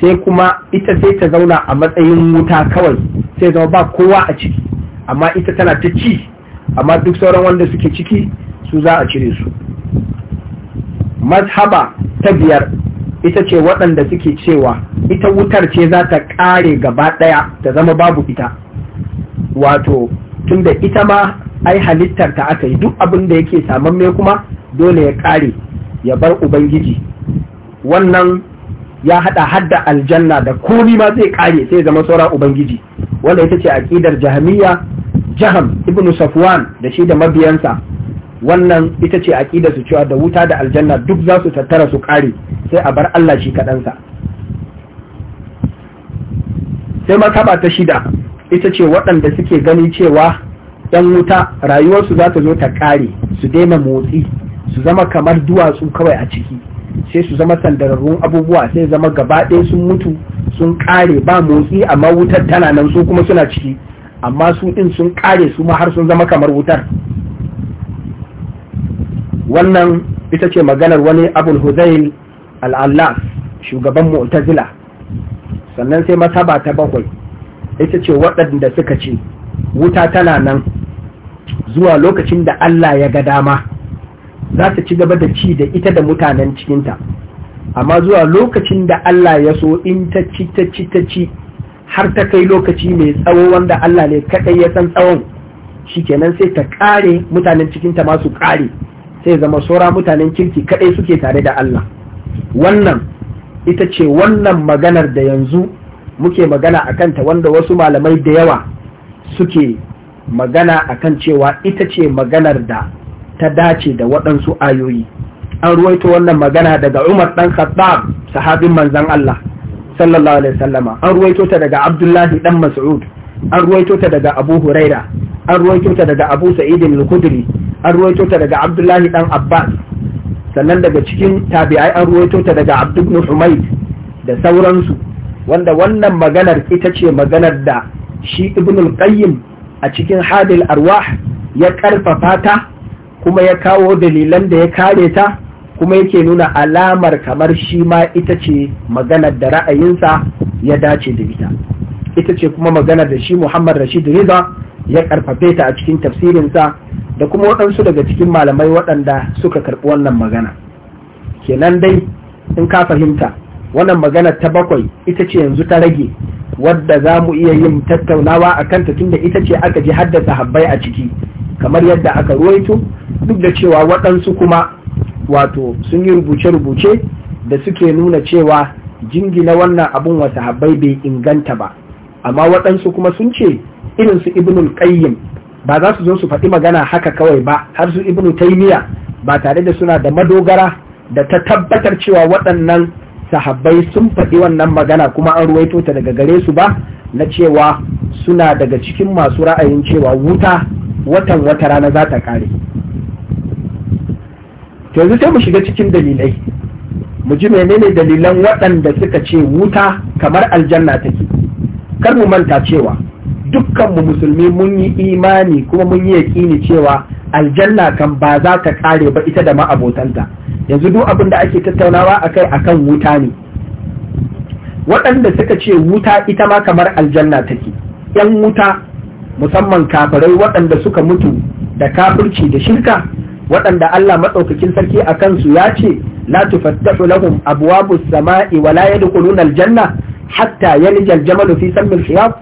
sai kuma ita sai ta zauna a matsayin wuta kawai sai zama ba kowa a ciki amma ita tana ta ci amma duk sauran wanda suke ciki su za a cire su mazhaba ta biyar ita ce waɗanda suke cewa ita wutar ce za ta ƙare gaba ɗaya ta zama babu ita wato tunda ita ma ai halittar ta aka yi duk abin da yake mai kuma dole ya ƙare ya bar ubangiji wannan ya hada hadda aljanna da komi ma zai kare sai zama saura ubangiji wanda ita ce aqidar jahmiya jaham ibnu safwan da shi da mabiyansa wannan ita ce aqidar su cewa da wuta da aljanna duk za su tattara su kare sai a bar Allah shi kaɗansa. sai Makaba ta shida ita ce waɗanda suke gani cewa 'yan wuta rayuwarsu za ta zo ta ƙare su daina motsi su zama kamar duwatsu kawai a ciki sai su zama sandararrun abubuwa sai zama gaba ɗaya sun mutu sun ƙare ba motsi amma wutar tana nan su kuma suna ciki amma su ɗin sun ƙare su ma har sun zama kamar wutar wannan ita ce maganar wani abul huzail al'allas shugaban mu'tazila sannan sai masaba ta bakwai ita ce waɗanda suka ce wuta tana nan zuwa lokacin da Allah ya ga dama za ta ci gaba da ci da ita da mutanen cikinta amma zuwa lokacin da Allah ya so in ta ci ta ci ta ci har ta kai lokaci mai tsawo wanda Allah ne kaɗai ya san tsawon shi kenan sai ta ƙare mutanen cikinta masu ƙare sai zama saura mutanen kirki kaɗai suke tare da Allah wannan ita ce wannan maganar da yanzu muke magana a kanta wanda wasu malamai da yawa suke magana a kan cewa ita ce maganar da ta dace da waɗansu ayoyi an ruwaito wannan magana daga Umar ɗan Khattab sahabin manzan Allah sallallahu alaihi wasallama an ruwaito ta daga Abdullahi ɗan Mas'ud an ruwaito ta daga Abu Huraira an ruwaito ta daga Abu sa'idin al an ruwaito ta daga Abdullahi ɗan Abbas sannan daga cikin tabi'ai an ruwaito ta daga abdullahi da sauransu wanda wannan maganar ita ce maganar da shi Ibn al-Qayyim a cikin hadil arwah ya karfafa ta kuma ya kawo dalilan da ya kare ta kuma yake nuna alamar kamar shi ma ita ce maganar da ra'ayinsa ya dace da ita ita ce kuma maganar da shi muhammad rashid riza ya karfafe ta a cikin tafsirinsa da kuma waɗansu daga cikin malamai waɗanda suka karɓi wannan magana kenan dai in ka fahimta wannan magana ta bakwai ita ce yanzu ta rage wadda za mu iya yin tattaunawa a kanta tunda ita ce aka ji haddasa habbai a ciki kamar yadda aka ruwaito duk da cewa waɗansu kuma wato sun yi rubuce-rubuce da suke nuna cewa jingina wannan abun wasu habbai bai inganta ba amma waɗansu kuma sun ce irin su ibnul qayyim ba za su zo su faɗi magana haka kawai ba har su ibnu taymiya ba tare da suna da madogara da ta tabbatar cewa waɗannan sahabbai sun faɗi wannan magana kuma an ruwaito ta daga gare su ba na cewa suna daga cikin masu ra'ayin cewa wuta watan wata rana za ta kare yanzu sai mu shiga cikin dalilai mu ji menene dalilan waɗanda suka ce wuta kamar aljanna take kar mu manta cewa dukkan mu musulmi mun yi imani kuma mun yi yaƙini cewa aljanna kan ba za ta ƙare ba ita da ma'abotanta yanzu duk abin da ake tattaunawa akai akan wuta ne waɗanda suka ce wuta ita ma kamar aljanna take yan wuta musamman kafirai waɗanda suka mutu da kafirci da shirka waɗanda Allah maɗaukakin sarki a kansu ya ce la tufattahu lahum abwabus sama'i wala la yadkhuluna aljanna hatta yalija aljamal fi sammil khiyab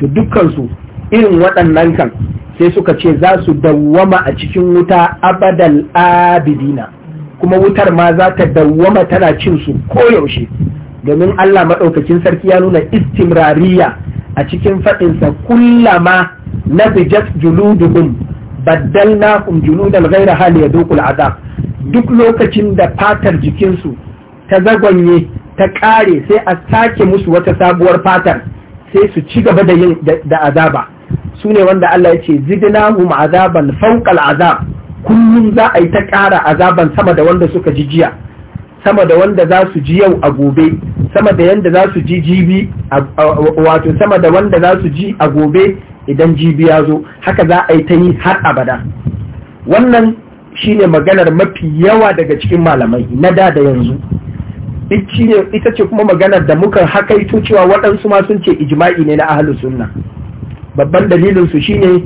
to dukkan su irin waɗannan kan sai suka ce za su dawwama a cikin wuta abadal abidina kuma wutar ma za ta dawwama tana cin su koyaushe domin Allah maɗaukakin sarki ya nuna istimrariya a cikin faɗinsa kullama na bijat juluduhum baddalnahum da ghaira hali yaduqul azab duk lokacin da fatar jikinsu ta zagonye ta ƙare sai a sake musu wata sabuwar fatar sai su ci gaba da yin da azaba su ne wanda Allah ya ce zidnahum azaban fawqal azab kullum za a yi ta ƙara azaban sama da wanda suka ji jiya sama da wanda za su ji yau a gobe sama da yanda za su ji jibi wato sama da wanda za su ji a gobe idan jibi ya zo haka za a yi ta yi har abada wannan shine maganar mafi yawa daga cikin malamai na da da yanzu ita ce kuma maganar da muka hakaito cewa waɗansu ma sun ce ijma'i ne na ahlus sunna babban dalilinsu shi ne.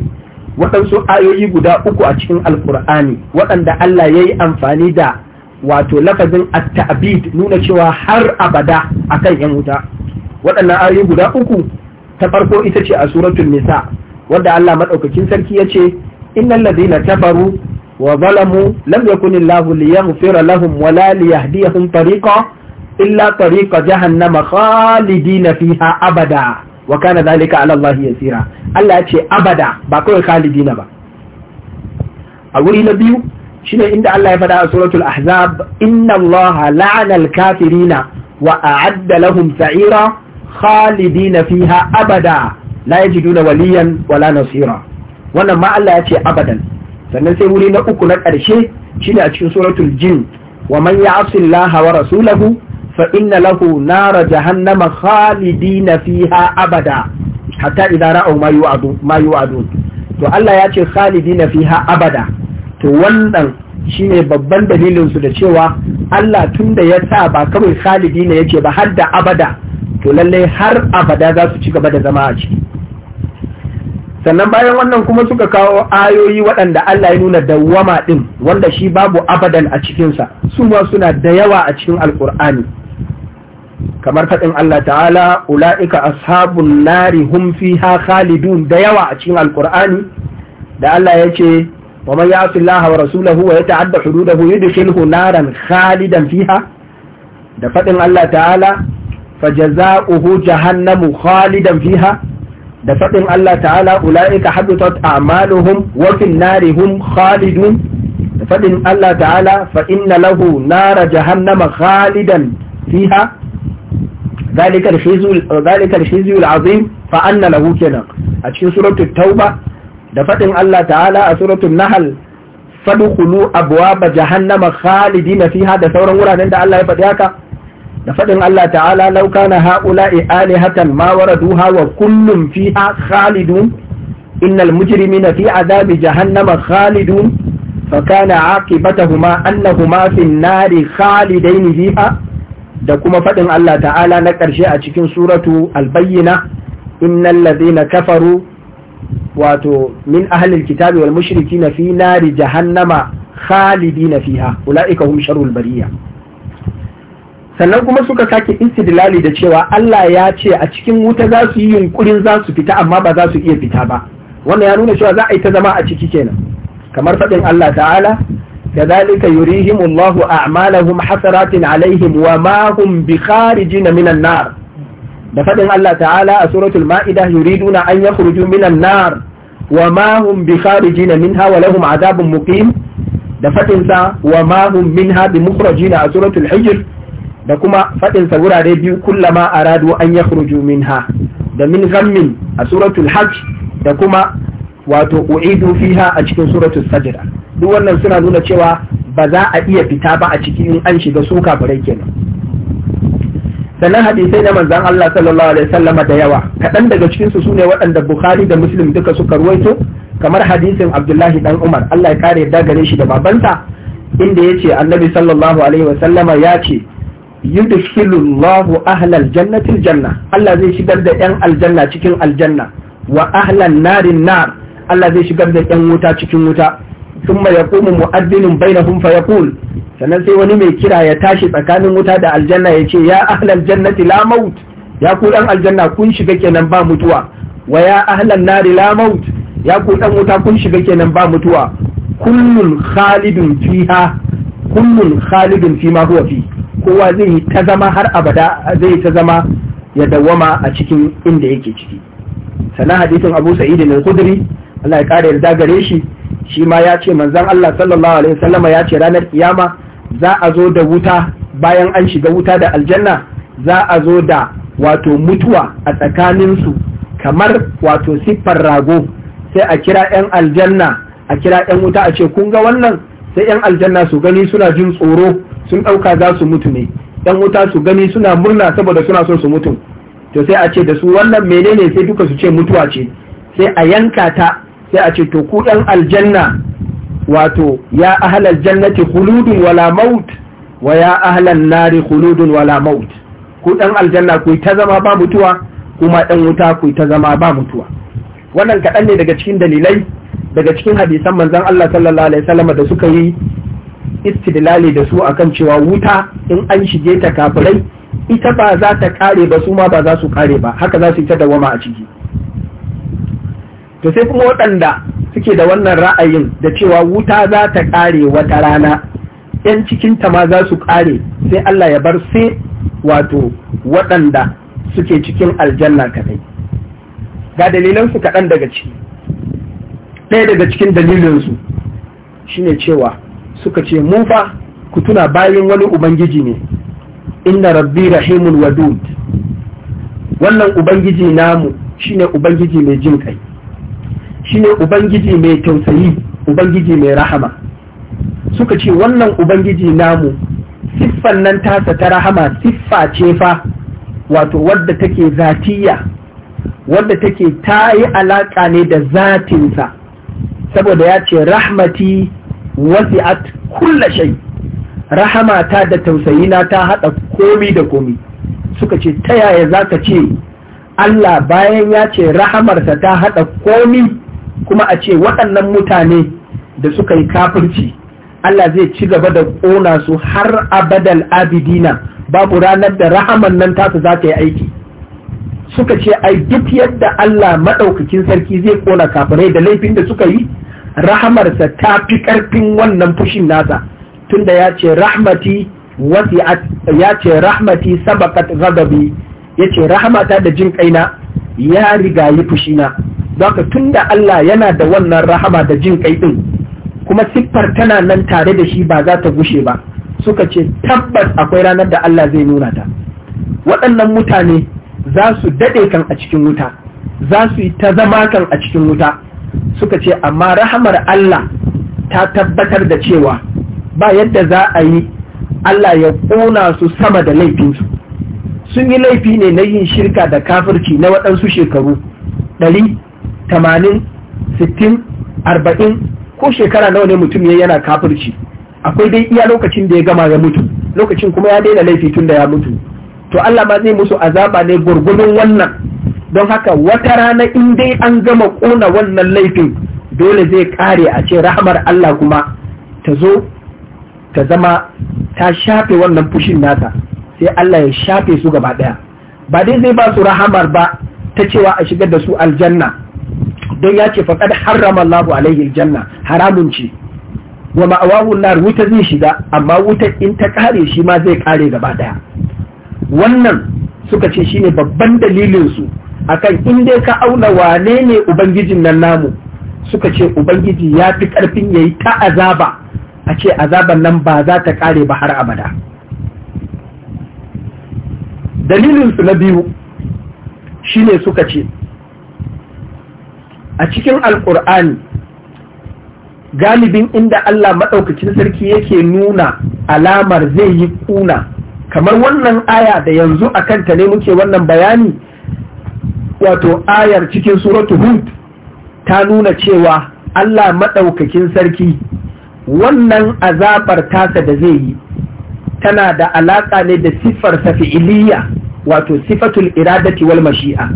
waɗansu ayoyi guda uku a cikin alkur'ani waɗanda Allah ya yi amfani da wato lafazin at-ta'bid nuna cewa har abada akan yan wuta waɗannan ayoyi guda uku ta farko ita ce a suratul nisa wanda Allah madaukakin sarki ya ce innal ladina kafaru wa zalamu lam yakun Allahu liyaghfira lahum wa la liyahdiyahum tariqa illa tariqa jahannama khalidina fiha abada wa kana zalika ala Allah yasira Allah ya ce abada ba kawai khalidina ba a wuri na biyu shine inda Allah ya faɗa a suratul ahzab inna Allah la'ana al-kafirina wa a'adda lahum sa'ira khalidina fiha abada la yajiduna waliyan wala nasira wannan ma Allah ya ce abadan sannan sai wuri na uku na ƙarshe shine a cikin suratul jin wa man ya'si Allah wa rasulahu fa inna lahu nara jahannama khalidina fiha abada hatta idan ra'au ma yu'adu ma yu'adu to Allah ya ce khalidina fiha abada to wannan shine babban dalilin su da cewa Allah tunda ya sa ba kawai khalidina yace ba har da abada to lalle har abada za su ci gaba da zama a ciki sannan bayan wannan kuma suka kawo ayoyi waɗanda Allah ya nuna dawwama ɗin wanda shi babu abadan a cikinsa su ma suna da yawa a cikin alkur'ani kamar faɗin Allah ta'ala ula'ika ashabun nari hum fiha khalidun da yawa a cikin alkur'ani da Allah ya ce wa man ya'si Allah wa rasulahu wa yata'adda hududahu yudkhilhu naran khalidan fiha da faɗin Allah ta'ala fajaza'uhu jahannamu khalidan fiha da faɗin Allah ta'ala ula'ika habitat a'maluhum wa fin nari hum khalidun da faɗin Allah ta'ala fa inna lahu nara jahannama khalidan fiha ذلك الخزي ذلك الخزي العظيم فأن له كنا أتشين سورة التوبة دفتن الله تعالى سورة النحل fadkhulu abwaba jahannama khalidina fiha da sauran wurare da Allah ya faɗi haka da faɗin Allah ta'ala lauka na haula'i alihatan ma waraduha wa kullum fiha khalidun innal mujrimina fi adabi jahannama khalidu fa kana aqibatahuma annahuma fi an-nari khalidain fiha da kuma faɗin Allah ta'ala na ƙarshe a cikin suratu albayyina innal na kafaru wato min ahlil kitabi wal mushrikina fi nari jahannama khalidina fiha ulaika hum sharrul bariya sannan kuma suka sake istidlali da cewa Allah ya ce a cikin wuta za su yi yunkurin za su fita amma ba za su iya fita ba wannan ya nuna cewa za a yi ta zama a ciki kenan kamar faɗin Allah ta'ala كذلك يريهم الله أعمالهم حسرات عليهم وما هم بخارجين من النار دفدن الله تعالى سورة المائدة يريدون أن يخرجوا من النار وما هم بخارجين منها ولهم عذاب مقيم دفتنسا وما هم منها بمخرجين سورة الحجر da kuma faɗin wurare biyu kullama aradu an ya minha da min ghammin a suratul hajj da kuma wato u'idu fiha a cikin suratul sajda duk wannan suna nuna cewa ba za a iya fita ba a ciki in an shiga su kafirai kenan sannan hadisai na manzan Allah sallallahu alaihi wasallam da yawa kaɗan daga cikin su sune waɗanda Bukhari da Muslim duka suka ruwaito kamar hadisin Abdullahi dan Umar Allah ya kare da gare shi da babansa inda yace Annabi sallallahu alaihi wasallam ya ce yudkhilullahu ahlal jannati janna Allah zai shigar da yan aljanna cikin aljanna wa ahlan narin nar Allah zai shigar da yan wuta cikin wuta thumma yaqumu mu'adhdhinun bainahum fa yaqul sannan sai wani mai kira ya tashi tsakanin wuta da aljanna ya ce ya ahlal jannati la maut ya ku aljanna kun shiga kenan ba mutuwa wa ya ahlan nari la ya ku wuta kun shiga kenan ba mutuwa kullun khalidun fiha fi ma fi kowa zai yi ta zama har abada zai ta zama ya dawwama a cikin inda yake ciki sannan hadisin Abu Sa'id al-Khudri Allah ya yarda gare shi shi ma ya ce manzon Allah sallallahu alaihi wasallama ya ce ranar kiyama za a zo da wuta bayan an shiga wuta da aljanna za a zo da wato mutuwa a tsakaninsu kamar wato siffar rago sai a kira 'yan aljanna a kira 'yan wuta a ce kun ga wannan sai 'yan aljanna su gani suna jin tsoro sun ɗauka za su mutu ne 'yan wuta su gani suna murna saboda suna son su mutu to sai a ce da su wannan menene sai duka su ce mutuwa ce sai a yanka ta sai a ce to ku ɗan aljanna wato ya ahlal jannati khuludun wala maut wa ya ahlan nari khuludun wala maut ku ɗan aljanna ku ta zama ba mutuwa kuma ɗan wuta ku ta zama ba mutuwa wannan kaɗan ne daga cikin dalilai daga cikin hadisan manzon Allah sallallahu alaihi wasallam da suka yi istidlali da su akan cewa wuta in an shige ta kafirai ita ba za ta kare ba su ma ba za su kare ba haka za su yi ta dawama a ciki to sai kuma waɗanda suke da wannan ra'ayin da cewa wuta za ta ƙare wata rana ‘yan cikinta ma za su ƙare sai Allah ya bar sai wato waɗanda suke cikin aljanna kadai ga dalilansu kaɗan daga ciki ɗaya daga cikin dalilinsu shine cewa suka ce mu fa ku tuna bayan wani ubangiji ne inna rabbi rahimun wadud wannan ubangiji namu shine ubangiji mai jin kai shine ubangiji mai tausayi ubangiji mai rahama suka ce wannan ubangiji namu siffan nan tasa ta rahama siffa ce fa wato wadda take zatiya wadda take ta yi alaƙa ne da zatinsa saboda ya ce rahmati wasi'at kulla shai ta da tausayina ta haɗa komi da komi suka ce ta yaya za ka ce Allah bayan ya ce rahamarsa ta haɗa komi kuma a ce waɗannan mutane da suka yi kafirci Allah zai ci gaba da ƙona su har abadal abidina babu ranar da rahaman nan tasu za ta yi aiki suka ce ai duk yadda Allah maɗaukakin sarki zai ƙona kafirai da laifin da suka yi rahamarsa ta fi ƙarfin wannan fushin nasa tunda ya ce rahmati ya ce rahmati sabakat ghadabi ya ce rahamata da jin kaina ya rigayi fushina Zaka tun da Allah yana da wannan rahama da jin kai ɗin kuma siffar tana nan tare da shi ba za ta gushe ba suka ce tabbas akwai ranar da Allah zai nuna ta waɗannan mutane za su daɗe kan a cikin wuta za su yi ta zama kan a cikin wuta suka ce amma rahamar Allah ta tabbatar da cewa ba yadda za a yi Allah ya ƙona su sama da laifinsu sun yi laifi ne na yin shirka da kafirci na waɗansu shekaru ɗari tamanin sittin arba'in ko shekara nawa ne mutum ya yana kafirci akwai dai iya lokacin da ya gama ya mutu lokacin kuma ya daina laifi tun da ya mutu to Allah ma zai musu azaba ne gurgudun wannan don haka wata rana in dai an gama kona wannan laifin dole zai kare a ce rahmar Allah kuma ta zo ta zama ta shafe wannan fushin nasa, sai Allah ya shafe su gaba daya ba dai zai ba su rahamar ba ta cewa a shigar da su aljanna don ya ce faqad harraman labu alaihi janna haramun ce wa ma'awahu nar wuta zai shiga amma wuta in ta kare shi ma zai kare gaba daya wannan suka ce shine babban dalilinsu a kan in dai ka auna wane ne ubangijin nan namu suka ce ubangiji ya fi karfin yi ta azaba a ce azaban nan ba za ta kare ba har abada dalilinsu na biyu shine suka ce a cikin Alƙur'ani, galibin inda Allah maɗaukacin sarki yake nuna alamar zai yi ƙuna, kamar wannan aya da yanzu a kanta ne muke wannan bayani wato ayar cikin suratu hud ta nuna cewa Allah maɗaukacin sarki wannan azabar tasa da zai yi tana da alaƙa ne da siffar safi'iliya wato sifatul iradati wal mashi'a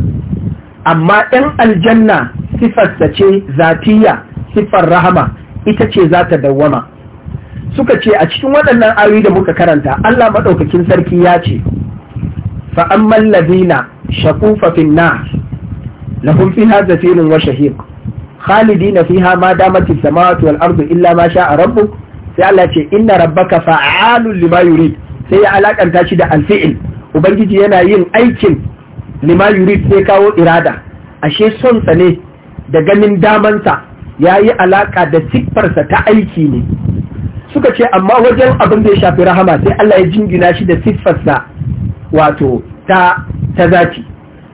amma ɗan aljanna sifarsa ce zatiya siffar rahama ita ce za ta dawwama suka ce a cikin waɗannan ayoyi da muka karanta Allah maɗaukakin sarki ya ce fa'amman ladina shakufa finna lahum fiha zafirun wa shahiq khalidina fiha ma damat samawati wal ardu illa ma sha'a rabbuk sai Allah ce inna rabbaka fa'alun lima yurid sai ya alakanta shi da alfi'il ubangiji yana yin aikin lima yurid sai kawo irada ashe son sa ne da ganin damansa ya yi alaƙa da siffarsa ta aiki ne suka ce amma wajen abin da ya shafi rahama sai Allah ya jingina shi da siffarsa wato ta ta zati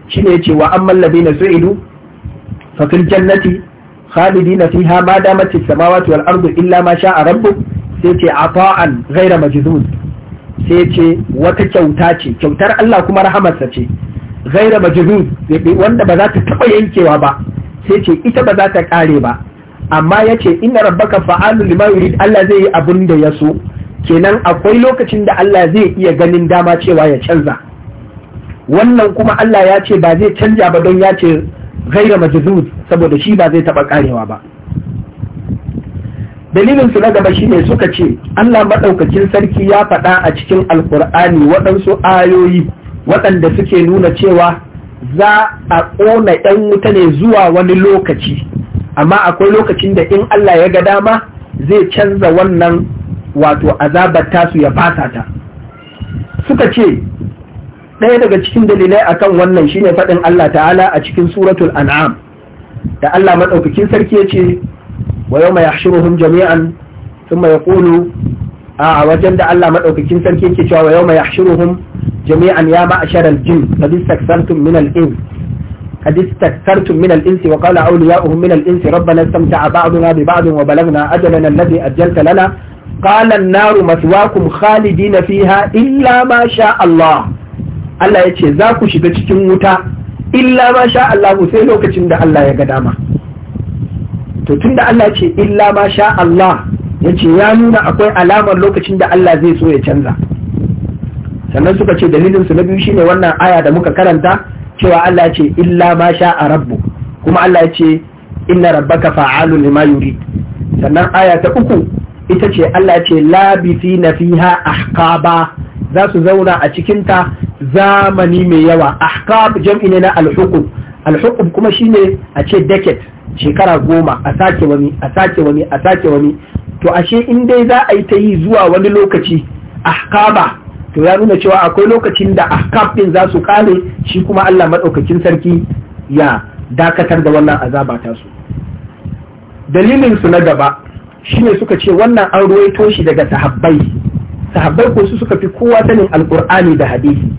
shine ce wa amman ladina su'idu fa fil jannati khalidina fiha ma damat as-samawati wal ardu illa ma sha'a rabbuk sai ce ata'an ghaira majzun sai ce wata kyauta ce kyautar Allah kuma rahamarsa ce ghaira majzun wanda ba za ta taba yankewa ba sai ce ita ba za ta kare ba amma ya ce ina rabbaka fa'alu lima yurid Allah zai yi abun da ya so kenan akwai lokacin da Allah zai iya ganin dama cewa ya canza wannan kuma Allah ya ce ba zai canja ba don ya ce gaira majzuz saboda shi ba zai taba karewa ba dalilin su na gaba shine suka ce Allah madaukakin sarki ya faɗa a cikin alkur'ani waɗansu ayoyi waɗanda suke nuna cewa za a ƙona ɗan wuta ne zuwa wani lokaci amma akwai lokacin da in Allah ya ga dama zai canza wannan wato azabar tasu ya fasa ta suka ce ɗaya daga cikin dalilai akan wannan shine faɗin Allah ta'ala a cikin suratul an'am da Allah maɗaukakin sarki ya ce wa yau mai jami'an sun mai ƙulu A'a wajen da Allah maɗaukacin sarki yake cewa yau mai ashiruhun jami'an ya ma'ashar aljin hadis taksartum min al'in hadis taksartum min al'in wa qala awliya'uhum min al'in rabbana samta a ba'duna bi ba'din wa balagna ajalana alladhi ajjalta lana qala an-naru maswaakum khalidina fiha illa ma sha Allah Allah yace za ku shiga cikin wuta illa ma sha Allah ku sai lokacin da Allah ya ga dama to tunda Allah ce illa ma sha Allah yace ya nuna akwai alamar lokacin da Allah zai so ya canza sannan suka ce dalilin su na biyu shine wannan aya da muka karanta cewa Allah ce illa ma sha a rabbu kuma Allah ce inna rabbaka fa'alun lima yurid sannan aya ta uku ita ce Allah ce labisi na fiha ahqaba za su zauna a cikinta zamani mai yawa ahqab jam'i ne na alhukum alhukum kuma shine a ce decade shekara goma a sake wani a sake wani a sake wani to ashe in dai za a yi ta yi zuwa wani lokaci ahkama to ya nuna cewa akwai lokacin da ahkam din za su kare shi kuma Allah madaukakin sarki ya dakatar da wannan azaba ta su dalilin su na gaba shine suka ce wannan an ruwaito shi daga sahabbai sahabbai ko su suka fi kowa sanin alqur'ani da hadisi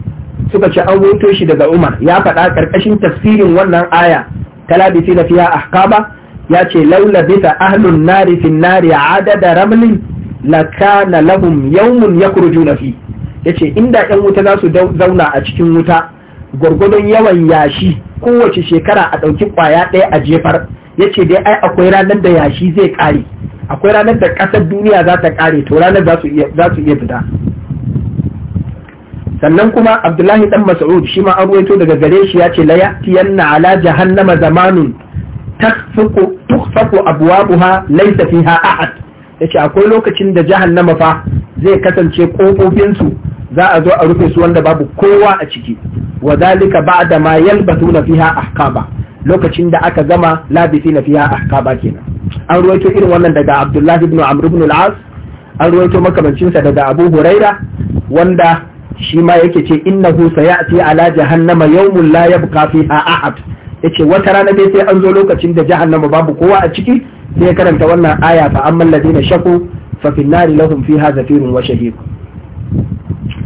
suka ce an ruwaito shi daga Umar ya faɗa karkashin tafsirin wannan aya talabisi na fiya ahkama ya ce laula bisa ahlun nari fin nari adada ramlin la kana lahum yawmun juna fi yace inda yan wuta za su zauna a cikin wuta gwargwadon yawan yashi kowace shekara a ɗauki ƙwaya ɗaya a jefar yace dai ai akwai ranar da yashi zai ƙare akwai ranar da ƙasar duniya za ta ƙare to ranar za su iya fita sannan kuma abdullahi dan mas'ud shi ma an ruwaito daga gare shi ya ce la ya'tiyanna ala jahannama zamanun takfuku tukfaku abwabuha laysa fiha ahad yace akwai lokacin da jahannama fa zai kasance kofofin su za a zo a rufe su wanda babu kowa a ciki wa zalika ba'da ma yalbatuna fiha ahqaba lokacin da aka gama labisina fiha ahqaba kenan an ruwaito irin wannan daga abdullahi ibn amr ibn al-as an ruwaito makamancinsa daga abu huraira wanda shi ma yake ce innahu sayati ala jahannama yawmun la yabqa fiha ahad yace wata rana dai sai an zo lokacin da jahannama babu kowa a ciki sai ya karanta wannan aya fa amman ladina shaku fa fil nari lahum fiha zafirun wa shahiq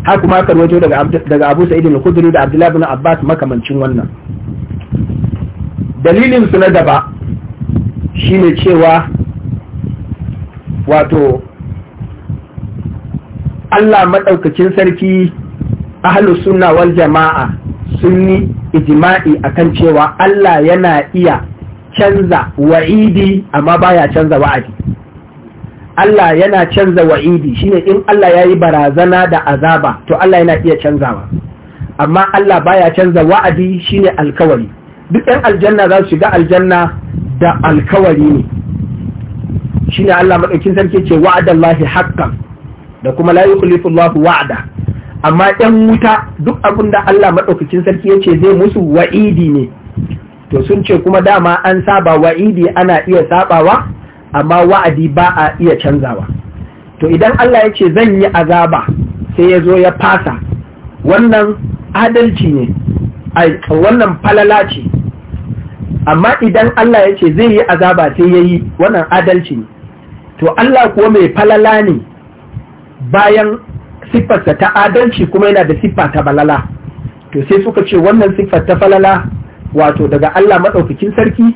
ha kuma aka rawaito daga daga Abu Sa'id al-Khudri da Abdullah ibn Abbas makamancin wannan dalilin su na daba shine cewa wato Allah maɗaukacin sarki a sunna wal jama'a sun yi ijima'i akan cewa Allah yana iya canza wa'idi amma baya canza wa'adi Allah yana canza wa'idi shine in Allah ya yi barazana da azaba to Allah yana iya canzawa amma Allah baya canza wa'adi shine alkawari duk yan aljanna za su shiga aljanna da alkawari ne shine Allah maɗaukacin sarki ce wa'adallahi haƙƙan. da kuma la yukhlifu Allahu wa'da amma ɗan wuta duk abin da Allah maɗaukacin sarki yace zai musu wa'idi ne to sun ce kuma dama an saba wa'idi ana iya sabawa amma wa'adi ba a iya canzawa to idan Allah yace zan yi azaba sai ya zo ya fasa wannan adalci ne wannan falala ce amma idan Allah yace zai yi azaba sai yayi wannan adalci ne to Allah kuwa mai falala ne bayan siffarsa ta adalci kuma yana da siffa ta balala to sai suka ce wannan siffar ta falala wato daga Allah maɗaukakin sarki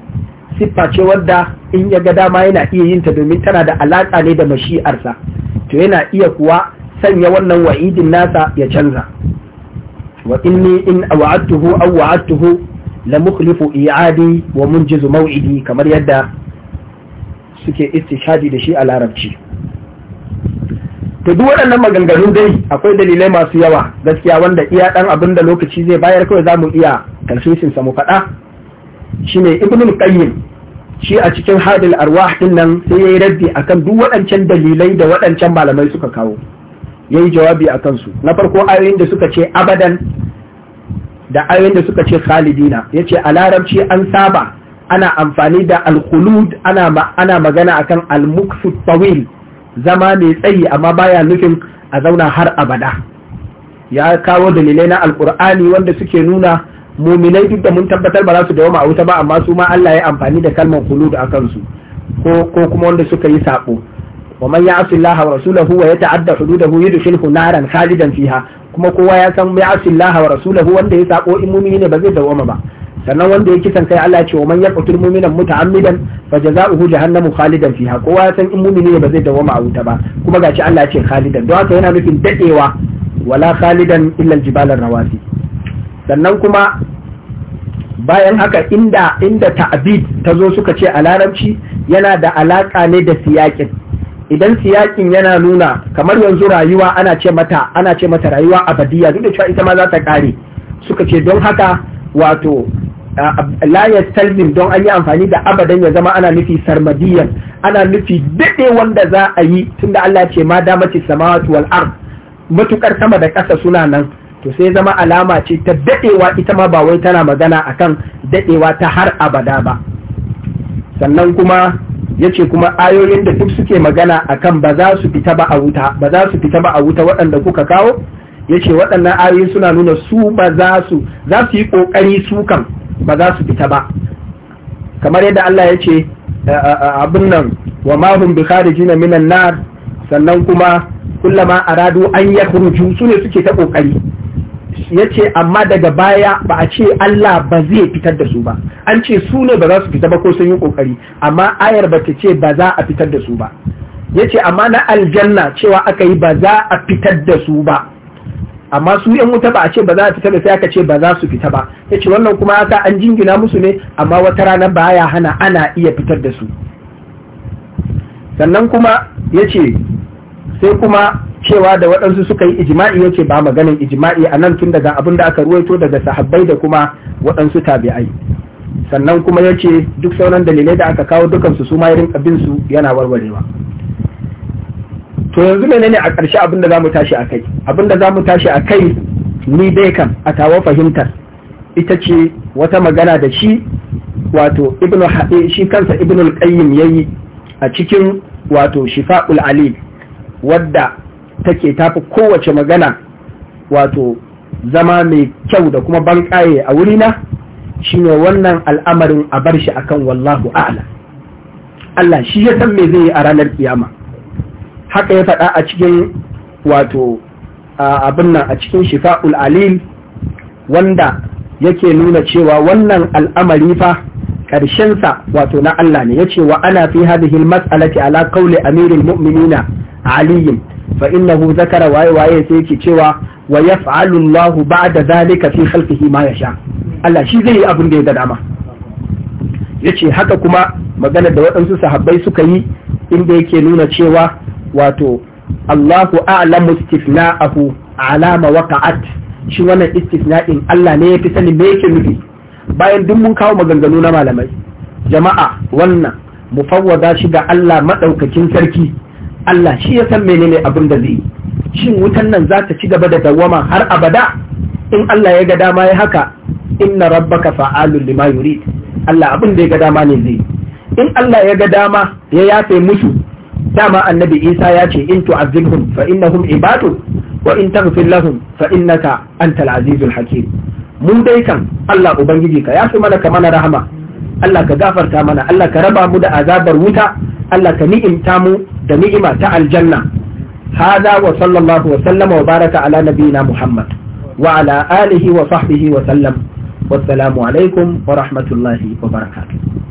siffa ce wadda in ya ga dama yana iya yin ta domin tana da alaƙa ne da mashi'arsa to yana iya kuwa sanya wannan wa'idin nasa ya canza wa inni in wa'adtuhu aw wa'adtuhu la mukhlifu i'adi wa munjizu maw'idi kamar yadda suke istishadi da shi a larabci to duk waɗannan maganganun dai akwai dalilai masu yawa gaskiya wanda iya ɗan abin da lokaci zai bayar kawai za mu iya tarfisin mu faɗa Shi shine ibnul qayyim shi a cikin hadil arwah din nan sai yayi raddi akan duk waɗancan dalilai da waɗancan malamai suka kawo yayi jawabi akan su na farko ayoyin da suka ce abadan da ayoyin da suka ce khalidina yace a larabci an saba ana amfani da al ana ana magana akan al-mukthu tawil zama mai tsayi amma baya nufin a zauna har abada ya kawo dalilai na alkur'ani wanda suke nuna muminai duk da mun tabbatar ba za su dawoma a wuta ba amma su ma Allah ya amfani da kalmar kulud a kansu ko ko kuma wanda suka yi sako wa man ya'si Allah wa rasulahu wa yata'adda hududahu yudkhilhu naran khalidan fiha kuma kowa ya san ya'si Allah wa rasulahu wanda ya sako in mumini ne ba zai dawoma ba sannan wanda ya kisan kai Allah ya ce wa man yaqtul mu'minan muta'ammidan fa jazaohu jahannamu khalidan fiha kowa ya san in mu'mini ne ba zai dawama a wuta ba kuma gashi Allah ya ce khalidan don haka yana nufin dadewa wala khalidan illa aljibalar rawasi sannan kuma bayan haka inda inda ta'bid ta zo suka ce a larabci yana da alaka ne da siyakin idan siyakin yana nuna kamar yanzu rayuwa ana ce mata ana ce mata rayuwa abadiya duk da cewa ita ma za ta kare suka ce don haka wato la salmin don an yi amfani da abadan ya zama ana nufi sarmadiyan ana nufi dade wanda za a yi tunda Allah ce ma da mace samawati wal ard matukar sama da kasa suna nan to sai zama alama ce ta dadewa ita ma ba wai tana magana akan dadewa ta har abada ba sannan kuma yace kuma ayoyin da duk suke magana akan ba za su fita ba a wuta ba za su fita ba a wuta waɗanda kuka kawo yace waɗannan ayoyin suna nuna su ba za su za su yi kokari su kan ba za su fita ba kamar yadda Allah ya ce abin nan wa ma hum bi kharijina minan nar sannan kuma kullama aradu an yakhruju su ne suke ta kokari ce amma daga baya ba a ce Allah ba zai fitar da su ba an ce su ne ba za su fita ba ko sun yi kokari amma ayar ba ta ce ba za a fitar da su ba Ya ce amma na aljanna cewa aka yi ba za a fitar da su ba amma su yan wuta ba a ce ba za a fita ba sai aka ce ba za su fita ba ya ce wannan kuma sa an jingina musu ne amma wata rana ba ya hana ana iya fitar da su sannan kuma ya ce sai kuma cewa da waɗansu suka yi ijima'i ya ce ba maganin ijima'i a nan tun daga abin da aka ruwaito daga sahabbai da kuma waɗansu tabi'ai sannan kuma ya ce duk sauran dalilai da aka kawo dukansu su ma irin rinka bin su yana warwarewa to yanzu menene a ƙarshe abin da za mu tashi a kai abin da za mu tashi a kai ni dai kam a tawa fahimtar ita ce wata magana da shi wato ibnu eh, shi kansa ibnu qayyim yi a cikin wato shifa'ul alim wadda take tafi kowace magana wato zama mai kyau da kuma banƙaye a wurina shine wannan al'amarin a bar shi akan wallahu a'lam Allah shi ya san me zai yi a ranar kiyama haka ya faɗa a cikin wato abin nan a cikin shifa'ul alil wanda yake nuna cewa wannan al'amari fa karshensa wato na Allah ne ce wa ana fi hadhihi al-mas'alati ala qawli amiril mu'minina aliyin fa innahu zakara waye waye sai yake cewa wa yaf'alu Allah ba'da zalika fi khalqihi ma yasha Allah shi zai yi abin da ya ga dama yace haka kuma magana da waɗansu sahabbai suka yi inda yake nuna cewa wato Allahu a'lamu istifna'ahu alama waqa'at shi wannan istifna'in Allah ne yafi sani me yake nufi bayan duk mun kawo maganganu na malamai jama'a wannan mufawwada shi ga Allah madaukakin sarki Allah shi ya san menene abin da zai shin wutan nan za ta ci gaba da dawama har abada in Allah ya ga dama ya haka inna rabbaka fa'alul lima yurid Allah abin da ya ga dama ne zai in Allah ya ga dama ya yafe musu dama annabi isa ya ce in tu'azzibhum fa innahum ibadu wa in taghfir lahum fa innaka antal azizul hakim mun dai kan Allah ubangiji ka yafi mana ka mana rahama Allah ka gafarta mana Allah ka raba mu da azabar wuta Allah ka ni'imta mu da ni'ima ta aljanna hada wa sallallahu wa sallama wa baraka ala nabiyina muhammad wa ala alihi wa sahbihi wa sallam wassalamu alaikum wa rahmatullahi wa barakatuh